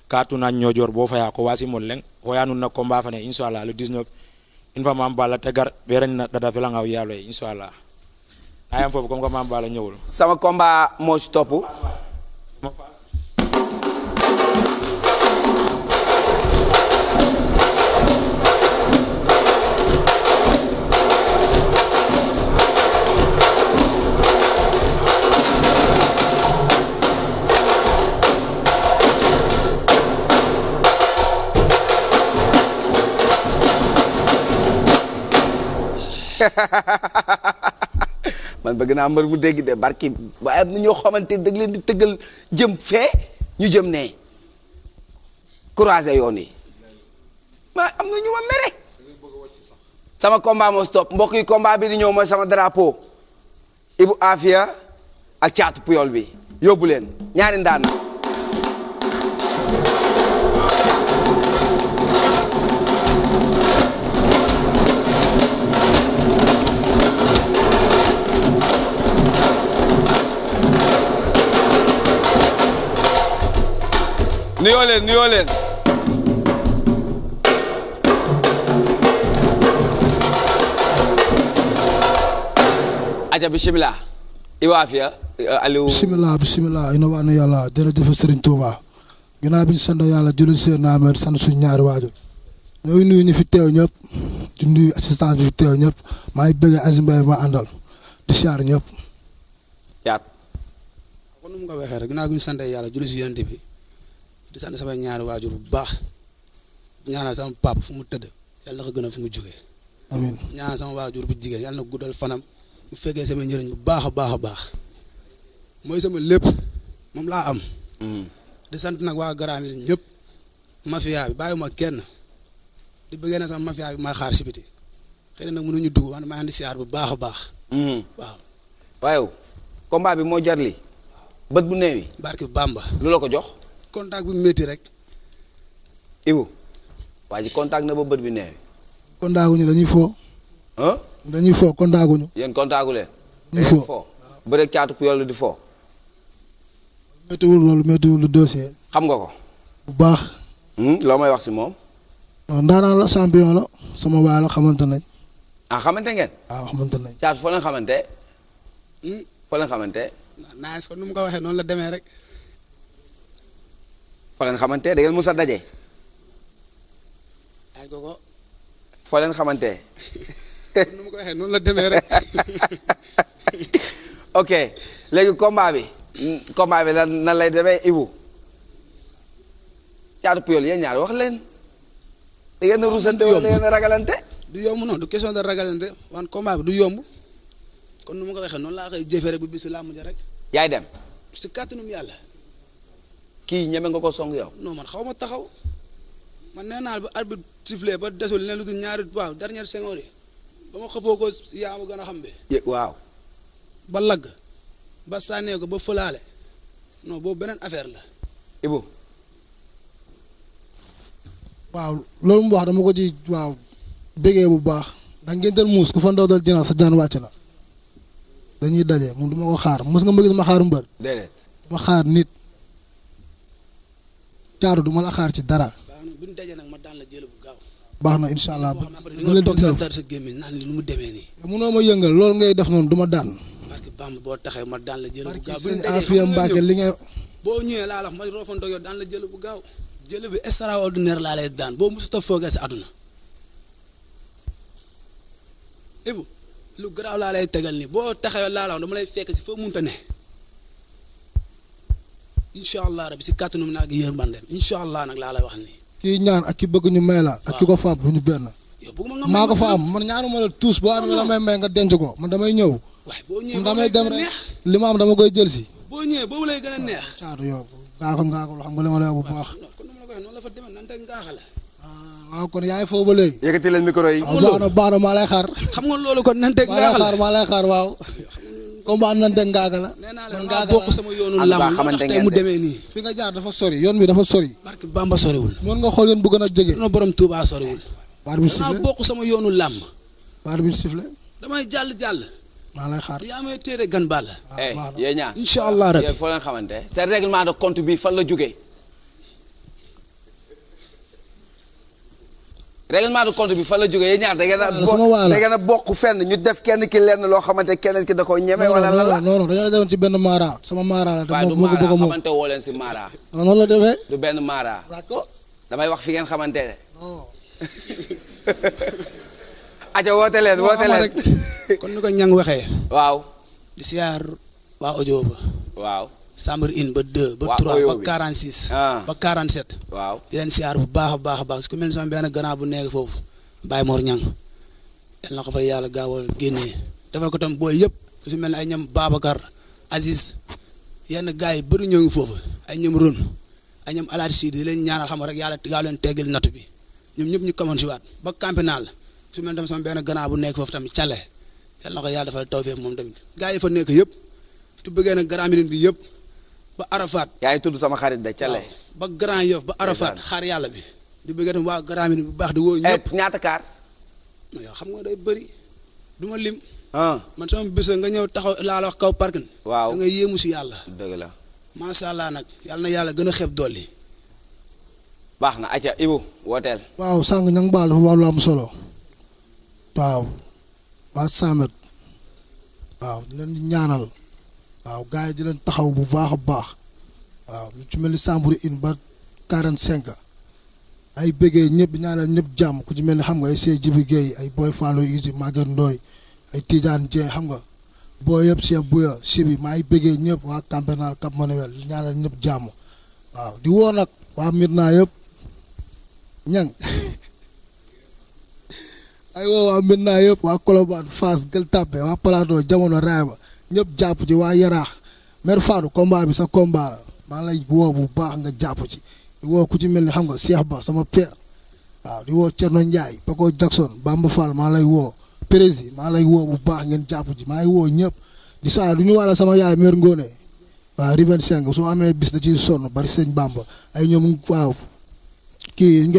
ka tuna ñojoor boo faya ko wasimol leng xoya nun na combat fane inchallah le 19 in fa maam Balla te gar weerañ na dada felangaw yàlla yi inchallah foofu comme que maam Balla ñëwul sama combat moo ci man bëgg naa mbër mu dégg de barki waaye am na ñoo xamante da leen di tëggal jëm fee ñu jëm nee croisé yoon yi ma am na ñu ma mere sama combat moo stop mbokk yi combat bi di ñëw mooy sama drapeau Ibu Afia ak caatu puyol bi yóbbu leen ñaari ndaan nuyoo leen nuyoo leen aja bisimilah iwaafiya eh, Aliou bisimilah bisimilah ina waanu yàlla jërëjëf Sëriñ Tuuba ginnaaw bi ñu sant yàlla julli seen naameer sant suñu ñaari waajur ñooy nuyu ñu fi teew ñëpp di nuyu bi fi teew ñëpp maa ngi bëgg Aziz Mbaye ma àndal di siyaar ñëpp yaat kon mu nga waxee rek ginnaaw bi ñu sant yàlla julli si yonent bi di sama ñaari waajur bu baax ñaanal sama papa fu mu tëdd yàlla ko gën a fu mu jógee. amiin ñaanal sama waajur bu jigéen yàlla na guddal fanam mu fekkee sama njëriñ bu baax a baax a baax sama lépp moom laa am. Mm. sant nag waa garaam yi ñëpp mafia bi kenn di bëggee na sama mafia bi may xaar na mënuñu dugg wax maa bu baax a baax. Mm. waaw. waaye combat bi moo jar bët bu néew yi. Bamba. lu la ko jox. contact bu métti rek. Ibu. waa ji contact na ba bët bi nee. contact gu ñu dañuy fo. ah. dañuy fo contact gu ñu. yéen contact gu leen. caatu ku yollu di fo. méttiwul loolu lu dossier. xam nga ko. bu baax. Hmm? loo may wax si moom. non ndaanaan la champion la sama waay la xamante nañ. ah xamante ngeen. waaw ah, xamante nañ. caatu foo leen xamante. Hmm? foo leen xamante. naa est nu mu ko waxee noonu la demee rek. foo leen xamante da ngeen mus a daje. ay xamante. nu mu ko waxee noonu la demee rek. ok léegi combat bi. combat bi lay demee Ibou. Caatu Puyol yéen ñaar wax leen. da ngeen a rusante wala da ngeen ragalante. du yomb non du question de ragalante wan combat bi du yomb kon nu mu ko waxee noonu la koy jëfee rek bu bisu làmb ja rek. yaay dem. si kàttanu yàlla. kii ñeme nga ko song yow. non man xaw ma taxaw man nee naa ba arbitre sifflé ba desul ne lu dul ñaari waaw dernière seconde ba ma xëppoo ko yaa ma gën a xam be. waaw. ba lagg ba sànnee ko ba fëlaale non boobu beneen affaire la. Ibu. waaw loolu mu wax dama ko ci waaw bégee bu baax ndax ngénteel muus ku fa ndaw dal dina sa jaan wàcc la dañuy daje moom du ma ko xaar mos nga ma gis ma ma xaar nit. Thiatou du ma la xaar ci dara. buñ dajee nag ma daan la jël bu gaaw. baax na incha allah ba nga toog sa dara sa gémmiñ naan li nu mu demee nii. munoo ma yëngal loolu ngay def noonu du ma daan. parce que boo taxee ma daan la jël bu gaaw. li nga. boo ñëwee laa la ma roofandoo yow daan la jël bu gaaw. jël bi extraordinaire laa lay daan boo mosut a foogee sa àdduna. Ibu lu garaaw laa lay tegal nii boo taxee laa dama lay fekk si foo munta ne. incha allah rabi si kàttanum naa ak yërmandeem incha allah nag laa lay wax nii. kii ñaan ak ki ñu may la. ak ki ko faam bu ñu benn. yow bëgguma nga maa ko fa am man ñaanu ma la tuus boo amee la may may nga denc ko man damay ñëw. waaye boo ñëwee damay dem rek li ma am dama koy jël si. boo ñëwee boobu lay gën a neex. caatu yow ngaa ko ngaa ko xam nga li ma lay wax bu baax. waaw kon yaay foofu ba léegi. a leen micro yi. waaw baax na baax na maa lay xaar. waaw. combat nante ngaaga la. man ngaaga bokk sama yoonu lamb ndax tey mu demee nii. fi nga jaar dafa sori yoon bi dafa sori. barke Bamba soriwul. mën nga xool yoon bu gën a jege. non borom Touba soriwul. baar bi sifle damaa bokk sama yoonu lamb. baar bi sifle. damay jàll jàll. maa lay xaar yaa may téere gan baal. waaw waaw yéen ñaar incha allah rabbi foo leen xamante. seen règlement de compte bi fan la jógee. règlement de compte bi fa la jógee yéen ñaar da ngeen a. Ah, da a bokk fenn ñu def kenn ki lenn loo xamante keneen ki da ko ñeme. la la non non dañoo defoon ci sama maara la. te moom moo ko bëgg a moom xamante woo leen si maara. non noonu la defee. du benn maara. damay wax fi ngeen xamante ne. non. aja woote leen woote leen. kon ni ko ñang waxee. waaw. di siyaar ba. waaw. chambre une ba deux ba trois ba quarante six ba quarante ah. sept waaw siyaar bu baax a baax a baax su mel ni sama benn gannaaw bu nekk foofu Baye Mor Ñang yal na ko fay yàlla gaawal génnee defal ko tam booy yëpp su mel ni ay ñoom Babacar Aziz yenn gars yi bëri ñoo ngi foofu ay ñoom Ron ay ñoom Alaat Sidi di leen ñaanal xam rek yàlla gaaw leen teggal nattu bi ñoom ñëpp ñu kamoon si waat ba campénal su mel tam sama benn gannaaw bu nekk foofu tamit cale yal na ko yàlla moom tamit gars yi fa nekk yëpp tu bëggee nag Grand bi yëpp ba Arafat. yaa tudd sama xarit de Cale. ba Grand Yoff ba Arafat xaar yàlla bi. di bëgg tam waa Grand Yoff bu baax di woo eh, ñëpp. ñaata xam nga day bëri ma lim. Ah. man sama bés nga ñëw taxaw laa yàlla. dëgg la. nag yàlla na yàlla gën a xeeb baax na acca Ibu ñaanal. waaw gars yi di leen taxaw bu baax a baax waaw lu ci mel ni Sambour in ba 45 ay bëggee ñëpp ñaanal ñëpp jàmm ku ci mel ni xam nga ay Sey Jibi ay Boy Fallou Isi Maguette Ndoye ay Tidiane xam nga boo yëpp maa ngi bëggee ñëpp waa Campenal Cap Manuel ñaanal ñëpp jàmm waaw di woo nag waa Mirna yëpp ñang ay woo yëpp waa Colobane Fass Gueule Tapée waa Plateau jamono raay ba ñëpp jàpp ci waa yaraa mer Fadou combat bi sa combat maa lay woo bu baax nga jàpp ci di woo ku ci mel ni xam nga Cheikh Ba sama père waaw di woo Thierno Ndiaye Paco Jackson Bamba Fall maa lay woo prési maa lay woo bu baax ngeen jàpp ci maa ngi woo ñëpp di saa du ñu wàlla sama yaay mère Ngone waaw Riven Seng su amee bis da ciy bari sëñ Bamba ay ñoom waaw kii ñu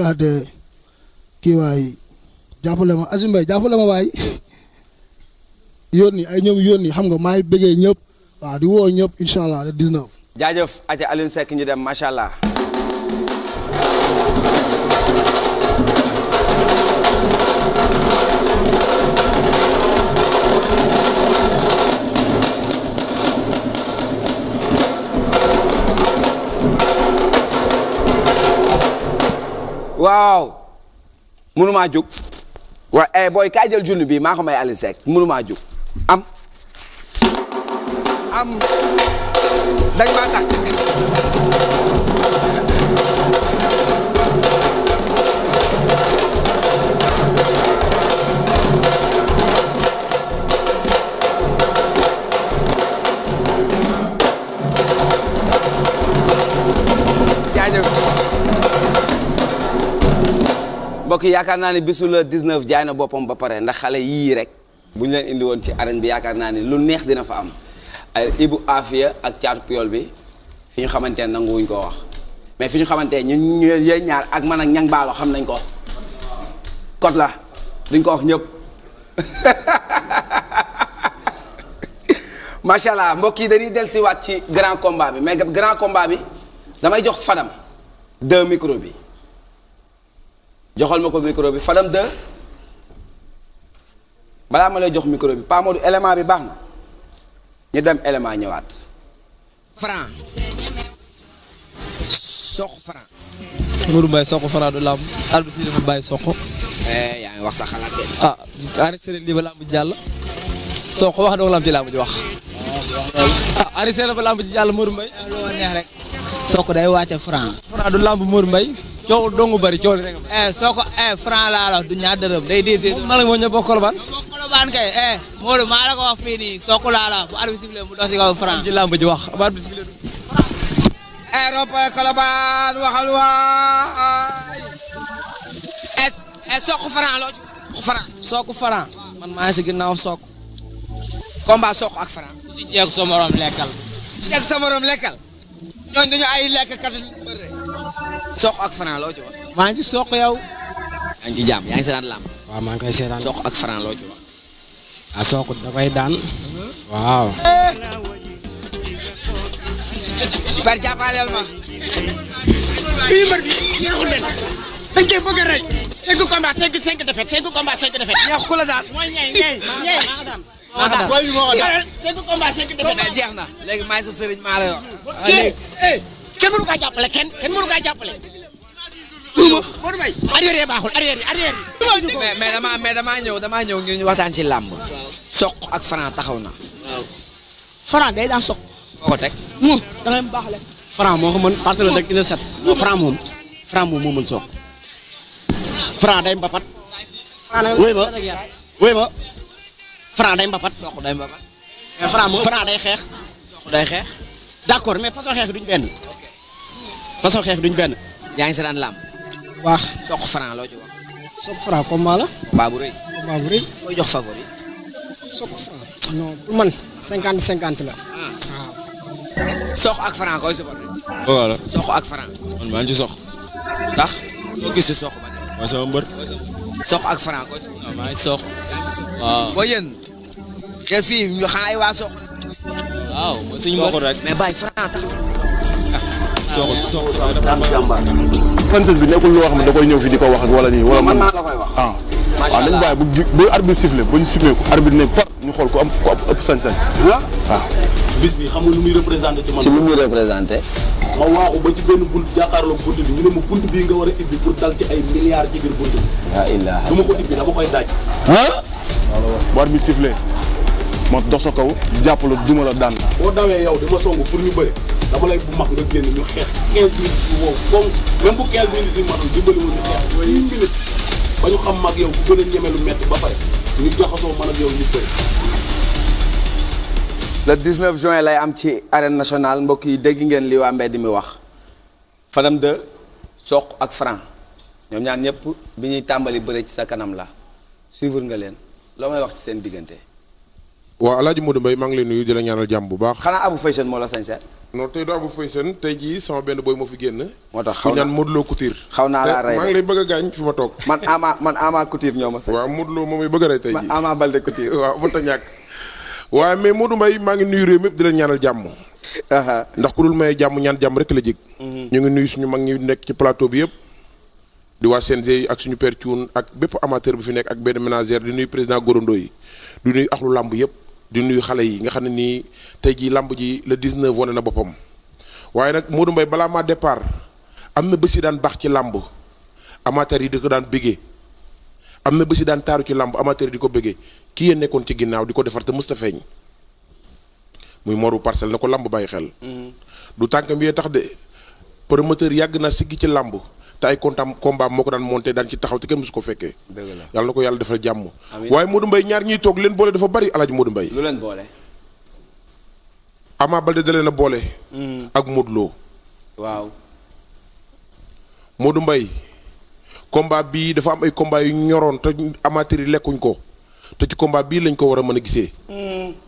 kii waay jàppale ma Azim Mbaye jàppale ma waay yónni ay ñoom yónni xam nga maay bëggee ñëpp waaw di woo ñëpp incha allah le 19. jaajëf Aja Alioune Seck ñu dem macha allah. waaw mënumaa jóg. waaw eh booy kaay jël junni bi maa ko may Alioune Seck mënumaa jóg. am am dañ maa tax jaajëf mbokk yaakaar naa ne bisu la 19 jaay boppam ba pare ndax xale yii rekk bu ñu leen indi woon ci arène bi yaakaar naa ni lu neex dina fa am ay Ibu Afia ak Caatu Puyol bi fi ñu xamante ne nanguwuñ koo wax mais fi ñu xamante ne ñu ñu ñaar ak man ak ñang baalo xam nañ ko kot la duñ ko wax ñëpp macha allah mbokk yi dañuy del ci grand combat bi mais grand combat bi damay jox Fadam deux micro bi joxal ma ko micro bi Fadam deux balaa ma lay jox micro bi Pa Modou élément bi baax na ñu dem élément ñëwaat. Franc soq Franc. Modou Mbaye soq Franc du làmb arbitre bi dafa bàyyi soq. Eh, wax sa xalaat de. ah arrêté jàll soq wax dong ci làmb ji wax. ah arrêté la ba làmb ci jàll Modou Mbaye. neex rek. soq day wàcce Franc. Franc du làmb Modou Mbaye. coow dong bari coow li rek. Eh, soo ko eh, franc laa la du ñaar dërëm day diis diis. ma ne ma ñëw bokk Colobane. bokk maa la wax fii nii soo laa la bu arbitre sifflé mu dox si kaw franc. ci làmb ji wax bu arbitre du. Europe eh, Colobane waxal waay. sook franc loo ci franc. sook franc man maa ngi si ginnaaw sook. combat sook ak franc. ku si jéeg sa morom lekkal. ku ñooñu ak franc loo ci maa ngi ci sox yaa ngi ci jàmm yaa maa ngi koy seetaan ak franc loo ci wax. ah daan. waaw. par jàppaleel ma. fii mbër bi neexul leen dañ koy bëgg a rey. cinq cinq cinq défaites cinq combats cinq défaites. neex ku mooy ñeey ñeey. moo tax booy bi moo ko daan cinq jeex na léegi maay sa sëriñ eh, kenn mënu kaa jàppale kenn kenn mënu kaa jàppale. Modou Mbaye arrière yi baaxul arrière yi damaa mais damaa ñëw damaa ñëw ngir ñu waxtaan ci làmb. soq ak Franc taxaw na. Franc day daan soq. foo da ngay baax leen. Franc moo ko mën parce que moom moom moo mën day mbapat. wéy Franc day mbapat Sokh day mbapat. mais Franc xeex. Sokh day façon xeex duñ benn. façon xeex duñ benn. yaa ngi seetaan làmb. waax Sokh Franc loo wax. Sokh Franc combat la. combat bu koy jox favori. Sokh Franc. non pour cinquante cinquante la. Ah. waaw. ak Franc koy supporté. voilà Sokh ak Franc. man maa ngi ci Sokh. ndax. loo gis ci sox ak franco. ko maa ngi sox. waaw fii ñu ay waa sox. waaw mooy rek. mais bàyyi franc tax. sox ah, sox dafa bi nekkul loo xam ne da koy ñëw fi di wax wala nii wala man. man la koy wax ah. macha allah waaw nañu bàyyi bu ñu xool ko am ko ëpp ah. xam nga lu muy représenté ci muy représenté. ma waaxu ba ci benn bunt jàkkaarloog bunt bi ñu ne ma bunt bii nga war a ibbi pour dal ci ay milliards ci biir bunt bi. waaw illaa du ko ibbi dama koy daaj. ah. war bi sifflé ma dox sa kaw jàpp la duma la daan. boo dawee yow di ma song pour ñu bëri dama lay bu mag nga génn ñu xeex 15 minutes yu wow koŋ même bu 15 minutes yu matul dimbali ma ñu xeex yooyu minutes ba ñu xam mag yow ku gën a lu métti ba pare ñu jaxasoo man ak yow ñu bëri. le 19 juin lay am ci arène national mbokk yi dégg ngeen li waa mbedd mi wax Fadam 2 soq ak Franc ñoom ñaan ñëpp bi ñuy tàmbali bëre ci sa kanam la suivre nga leen loo may wax ci seen diggante. waaw El Hadj Modou Mbaye maa ngi lay nuyu di la ñaanal jàmm bu baax. xanaa Abu Faysen moo la sañse. non tey du Abu Faysen tey jii sama benn boy moo fi génn. moo tax xaw naa ñaan Modou Lo Couture. naa laa eh, rey maa ngi bëgg a gaañ fi ma toog. man Ama man Ama Couture ñoo ma sañ. waaw Modou Lo moom a rey tey jii man Ama Balde ñàkk. waaye mais Modou mbay maa ngi nuyu réew mépp di leen ñaanal jàmm. ndax ku dul maye jàmm ñaan jàmm rek la jig. Mhm. ñu ngi nuyu suñu mag ñu nekk ci plateau bi yëpp. di waa CNG ak suñu père Thioune ak bépp amateur bu fi nekk ak benn ménagère di nuyu président Gorondo yi di nuyu axlu làmb yëpp di nuyu xale yi nga xam ne nii tey jii làmb ji la 19 wane na boppam. waaye nag Modou Mbaye balaa ma départ am na bés yi daan baax ci làmb amateur yi di ko daan bëggee am na bés yi daan taaru ci làmb amateur di ko bëggee kii yéen nekkoon ci ginnaaw di ko defar te mësta feeñ muy moru parcelle na ko làmb bàyyi xel. Mm. du tànkam yee tax de promoteur yàgg naa siggi ci làmb te ay kontam combat moo ko daan monté daan ci taxaw te kenn su ko fekkee. dëgg la yàlla na ko yàlla defal jàmm. waaye Modou mbay ñaar ñiy toog leen boole dafa bari El Hadj Modou Mbaye. lu leen boole. Ama Balde a boole. Mm. ak Modou waaw. Modou Mbaye combat bii dafa am ay combat yu ñoroon te amateur lekkuñ ko. te ci combat bii lañ ko war a mën a